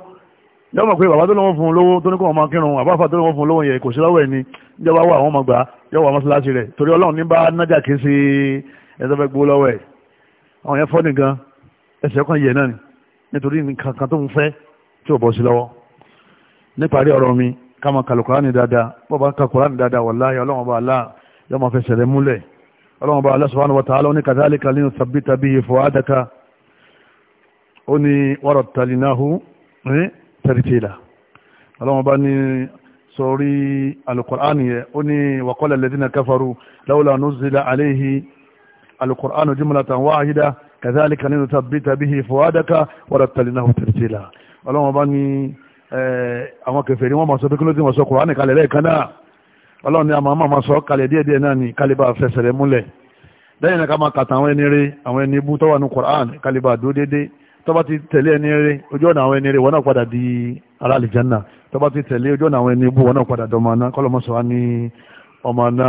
[SPEAKER 1] yọ mọ̀ pé bàbá tó lọ́wọ́ fún un lówó tó ní kó wọn máa kírun àbáfà tó lọ́wọ́ fún un lówó yẹn kò sí lọ́wọ́ ẹ̀ ní ìjọba wà àwọn ọmọ gbà yọ wà mọ́ṣáláṣí rẹ̀ torí ọlọ́run ní bá nájà ké sí ẹsẹ̀ fẹ́ gbó lọ́wọ́ ẹ̀ àwọn yẹn fọ́ nìkan ẹsẹ̀ kan yẹ náà ni nítorí nǹkan kan tó ń fẹ́ tí ò bọ́ sí lọ́wọ́ níparí ọ̀rọ̀ mi ká máa kàlù kúránì dáadáa bọ́ba ká kúránì dáadáa wallahi ọlọ́run ọba Allah yọ máa fẹsẹ̀ rẹ̀ múlẹ̀ ọlọ́run ọba Allah subhanahu wa ta'ala ní kadhalika linuthabbita bihi fu'adaka ó ní wọ́rọ̀ tàlínáhù ní tẹ̀rìtìlà ọlọ́wọ́n bá ní sọ̀rí alukur'ani yẹ ó ní wàkọ́lẹ̀ lẹ́dínà káfàrú láwùlà nùzílà àléhì alukur'anu jumlatan wahida kàzálìkà nínú tàbí tàbí fòwádàkà wọ́rọ̀ tàlínáhù tẹ̀rìtìlà ọlọ́wọ́n bá ní eh, àwọn kèfèrí wọ́n máa sọ pé kí ló ti wọ́n sọ kùránì kalẹ̀ lẹ́ẹ̀kan náà ọlọ́run ni a máa máa sọ kalẹ̀ tọ́ba ti tẹ̀lé ẹni eré ojú ọ̀nà àwọn ẹni eré wọn náà padà di ará àlìjánà tọ́ba ti tẹ̀lé ojú ọ̀nà àwọn ẹni ibú wọn náà padà dọ̀mọ̀ aná kọ́lọ́mọ́sọ wa ní ọmọ aná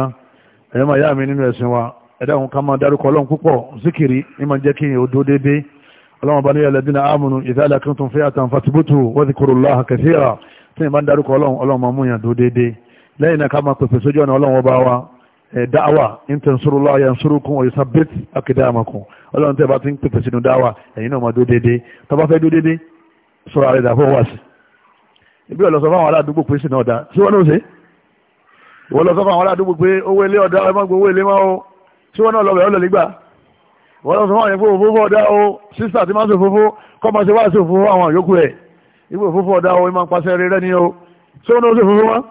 [SPEAKER 1] ẹ̀yọ́ máa yá mi nínú ẹ̀sìn wa ẹ̀dá òun ká máa dárúkọ ọlọ́run púpọ̀ síkìrì ní máa jẹ́ kí n odó dédé ọlọ́run bá ní ẹlẹ́dínà ámùnù ìdáàlá kí n tún Eh, dáwà intanṣurula yanṣurukun oyisabbit akidamakun ọlọ́run tẹ́ bá ti ń pèpè sínú dáwà ẹ̀yin náà máa dó dédé tó bá fẹ́ dó dédé sọ̀rọ̀ àrẹ ìdàfọ́ wá sí ibi ọ̀lọ́sọ fáwọn aládùúgbò pé sínú ọ̀dà sí wọn náà ṣe ìwọ lọ sọ fáwọn aládùúgbò pé owó ilé ọ̀dà ẹ má gbowó ilé má o sí wọn náà lọ bẹ̀ ọ́ lọ nígbà ìwọ lọ sọ fáwọn yẹn fún òfófó ọ̀dà o sísà tí má ṣe òfófó kọ́ máa ṣe wá sí òfófó àwọn yòókù ẹ̀ ibi òfófó ọ̀dà o ẹ má pàṣẹ rere ní o sí wọn se ṣe òfófó wọn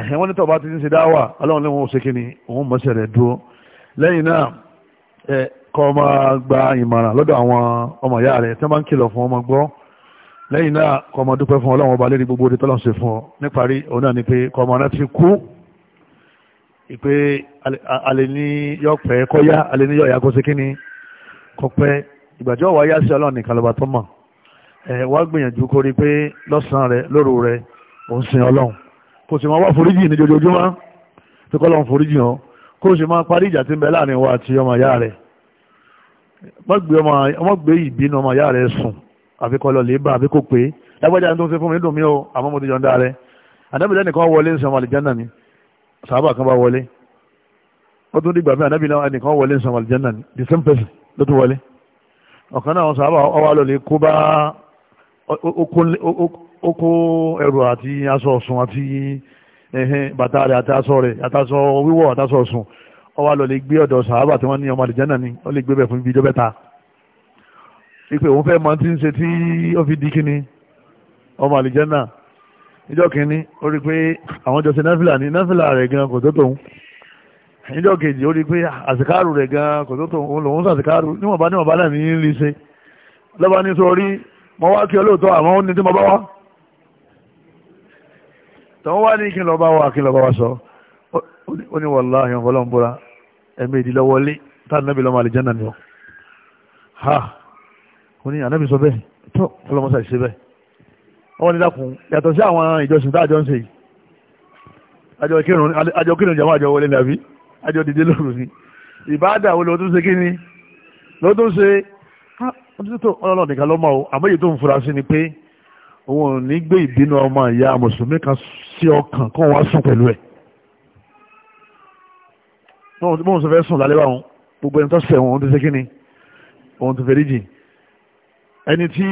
[SPEAKER 1] ẹ̀hẹ́ wọ́n ní tọ́ba ti ń ṣe dáwà ọlọ́run ní wọn ni òun mọ̀ ṣẹ̀rẹ̀ dúró lẹ́yìn náà ẹ kọ́ máa gba ìmọ̀ràn lọ́dọ̀ àwọn ọmọ ìyá rẹ̀ tí wọ́n bá ń kìlọ̀ fún ọmọ gbọ́ lẹ́yìn náà kọ́ máa dúpẹ́ fún ọlọ́run ọba lérí gbogbo tọ́lọ́ ṣe fún ọ níparí òun náà ni pé kọ́ máa rántí kú ìpè alẹ́ ní yọ pẹ́ kọ́ yá alẹ́ ní yọ kò sì máa wá foríjì ní jojoojúmọ́ tí kọ́ lọ́n foríjì hàn kó sì máa parí ìjà tí ń bẹ láàrin wa àti ọmọ ìyá rẹ̀ wọ́n gbé ìbínú ọmọ ìyá rẹ̀ sùn àfi kọ́ lọ lè bá àfi kò pé lágbájá tó ń ṣe fún mi dùn mí o àmọ́ mo ti yọ̀ǹda rẹ̀ ànábì lẹ́nìkan wọlé ń sọmọ àlìjánà ni sàábà kan bá wọlé ó tún dìgbà mí ànábì lẹ́nìkan wọlé ń sọmọ àlìjánà ni the same person ló tún wọlé ọ̀kan náà sàábà ọwọ́ àlọ́ ó kó ẹrù àti aṣọ ọ̀sùn àti bàtà rẹ̀ àti aṣọ rẹ̀ àtàṣọ wíwọ̀ àtàṣọ ọ̀sùn ó wá lọ lè gbé ọ̀dọ̀ sàábà tí wọ́n ní ọmọ àlìjánà ni ó lè gbé bẹ̀ fún ibi ìjọba ta ipe òun fẹ́ mọ tí ń ṣe tí ó fi di kíni ọmọ àlìjánà níjọ́ kìíní ó rí pé àwọn jọ ṣe náfìlà ní náfìlà rẹ̀ gan kò tó tòun níjọ́ kejì ó rí pé àsìkáàrù rẹ̀ gan kò tó tòun lòun sàsìkáàrù níwọ̀nba níwọ̀nba náà ní í rí ṣe lọ́ba ní sọ rí mo wá kí ọlóòótọ́ àmọ́ ó mo bá wá tọ́wọ́n wá ní kí n lọ bá wa kí n lọ bá wa sọ ó ní wàllá àyàn fọlọ́n búra ẹ̀mí ìdílé wọlé tá ànábì lọ́mọ àlìjánà ni ọ ha ó ní ànábì sọ bẹ́ẹ̀ tó fọlọ́mọsà ṣe bẹ́ẹ̀ ọwọ́ ní dákun yàtọ̀ sí àwọn ìjọsìn tá àjọ ń ṣe yìí àjọ kírun jàmọ́ àjọ wọlé nàbí àjọ dìde lóru ni ìbáàdà wo ló tún ṣe kí ni ló tún ṣe ọlọ́run nìkan lọ́mọ o àmọ́ èyí tó ń fura sí ni pé òun ò ní gbé ìbínú ọmọ ìyá mùsùlùmí kan sí ọkàn kó wá sùn pẹ̀lú ẹ̀ bóun sọ fẹ́ sùn lálẹ́ báwọn gbogbo ẹni tó sẹ̀ wọn ti ṣe kí ni òun ti fẹ́ díjì ẹni tí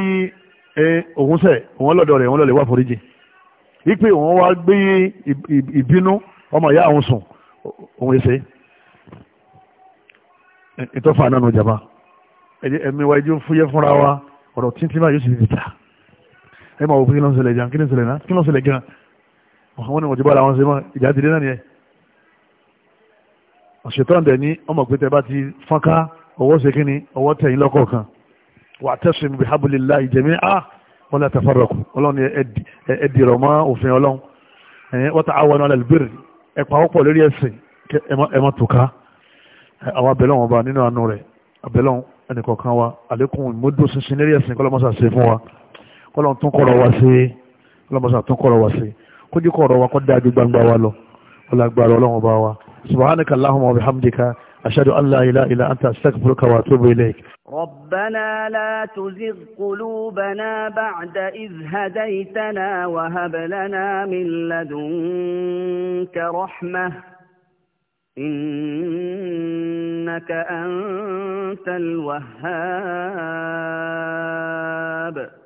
[SPEAKER 1] òun sẹ̀ òun lọ́dọ̀ rẹ̀ òun lọ́lẹ̀ wà foríjì wípé òun wá gbé ìbínú ọmọ ìyá òun sùn òun èsè ìtọ́fà náà nù jàmbá ẹ̀mí wa ẹjọ́ fúyẹ́ fúnra wa ọ̀rọ̀ títí máa yóò sì ti ta ẹ máa wò pé kí ló ń ṣẹlẹ̀ jan kí ló ń ṣẹlẹ̀ náà kí ló ń ṣẹlẹ̀ gan wọn ni wọn ti bá làwọn ṣe mọ ìjà ti dé náà nìyẹn ṣètọ́n dẹ̀ ní ọmọ pé tẹ bá ti fọ́nká ọwọ́ ṣe kíni ọwọ́ tẹ̀yìn lọ́kọ̀ọ̀kan wà tẹ̀sùn bí habilila ìjẹ̀mí a wọn lè tẹ̀fọ́rọ̀kù ọlọ́run ẹ dìrọ̀ mọ́ òfin ọlọ́run wọ́n ta àwọn ọ̀nà kọ́lọ́n tún kọ̀rọ̀ wá sí ọlọ́mọṣà tún kọ̀rọ̀ wá sí kójú kọ̀rọ̀ wa kọ́ da ju gbangba wa lọ ọlágbára ọlọ́run bá wa subhanaka allahumma wa bihamdika ashhadu an la ilaha illa anta astaghfiruka wa atubu ilayk ربنا لا تزغ قلوبنا بعد إذ هديتنا وهب لنا من لدنك رحمة إنك أنت الوهاب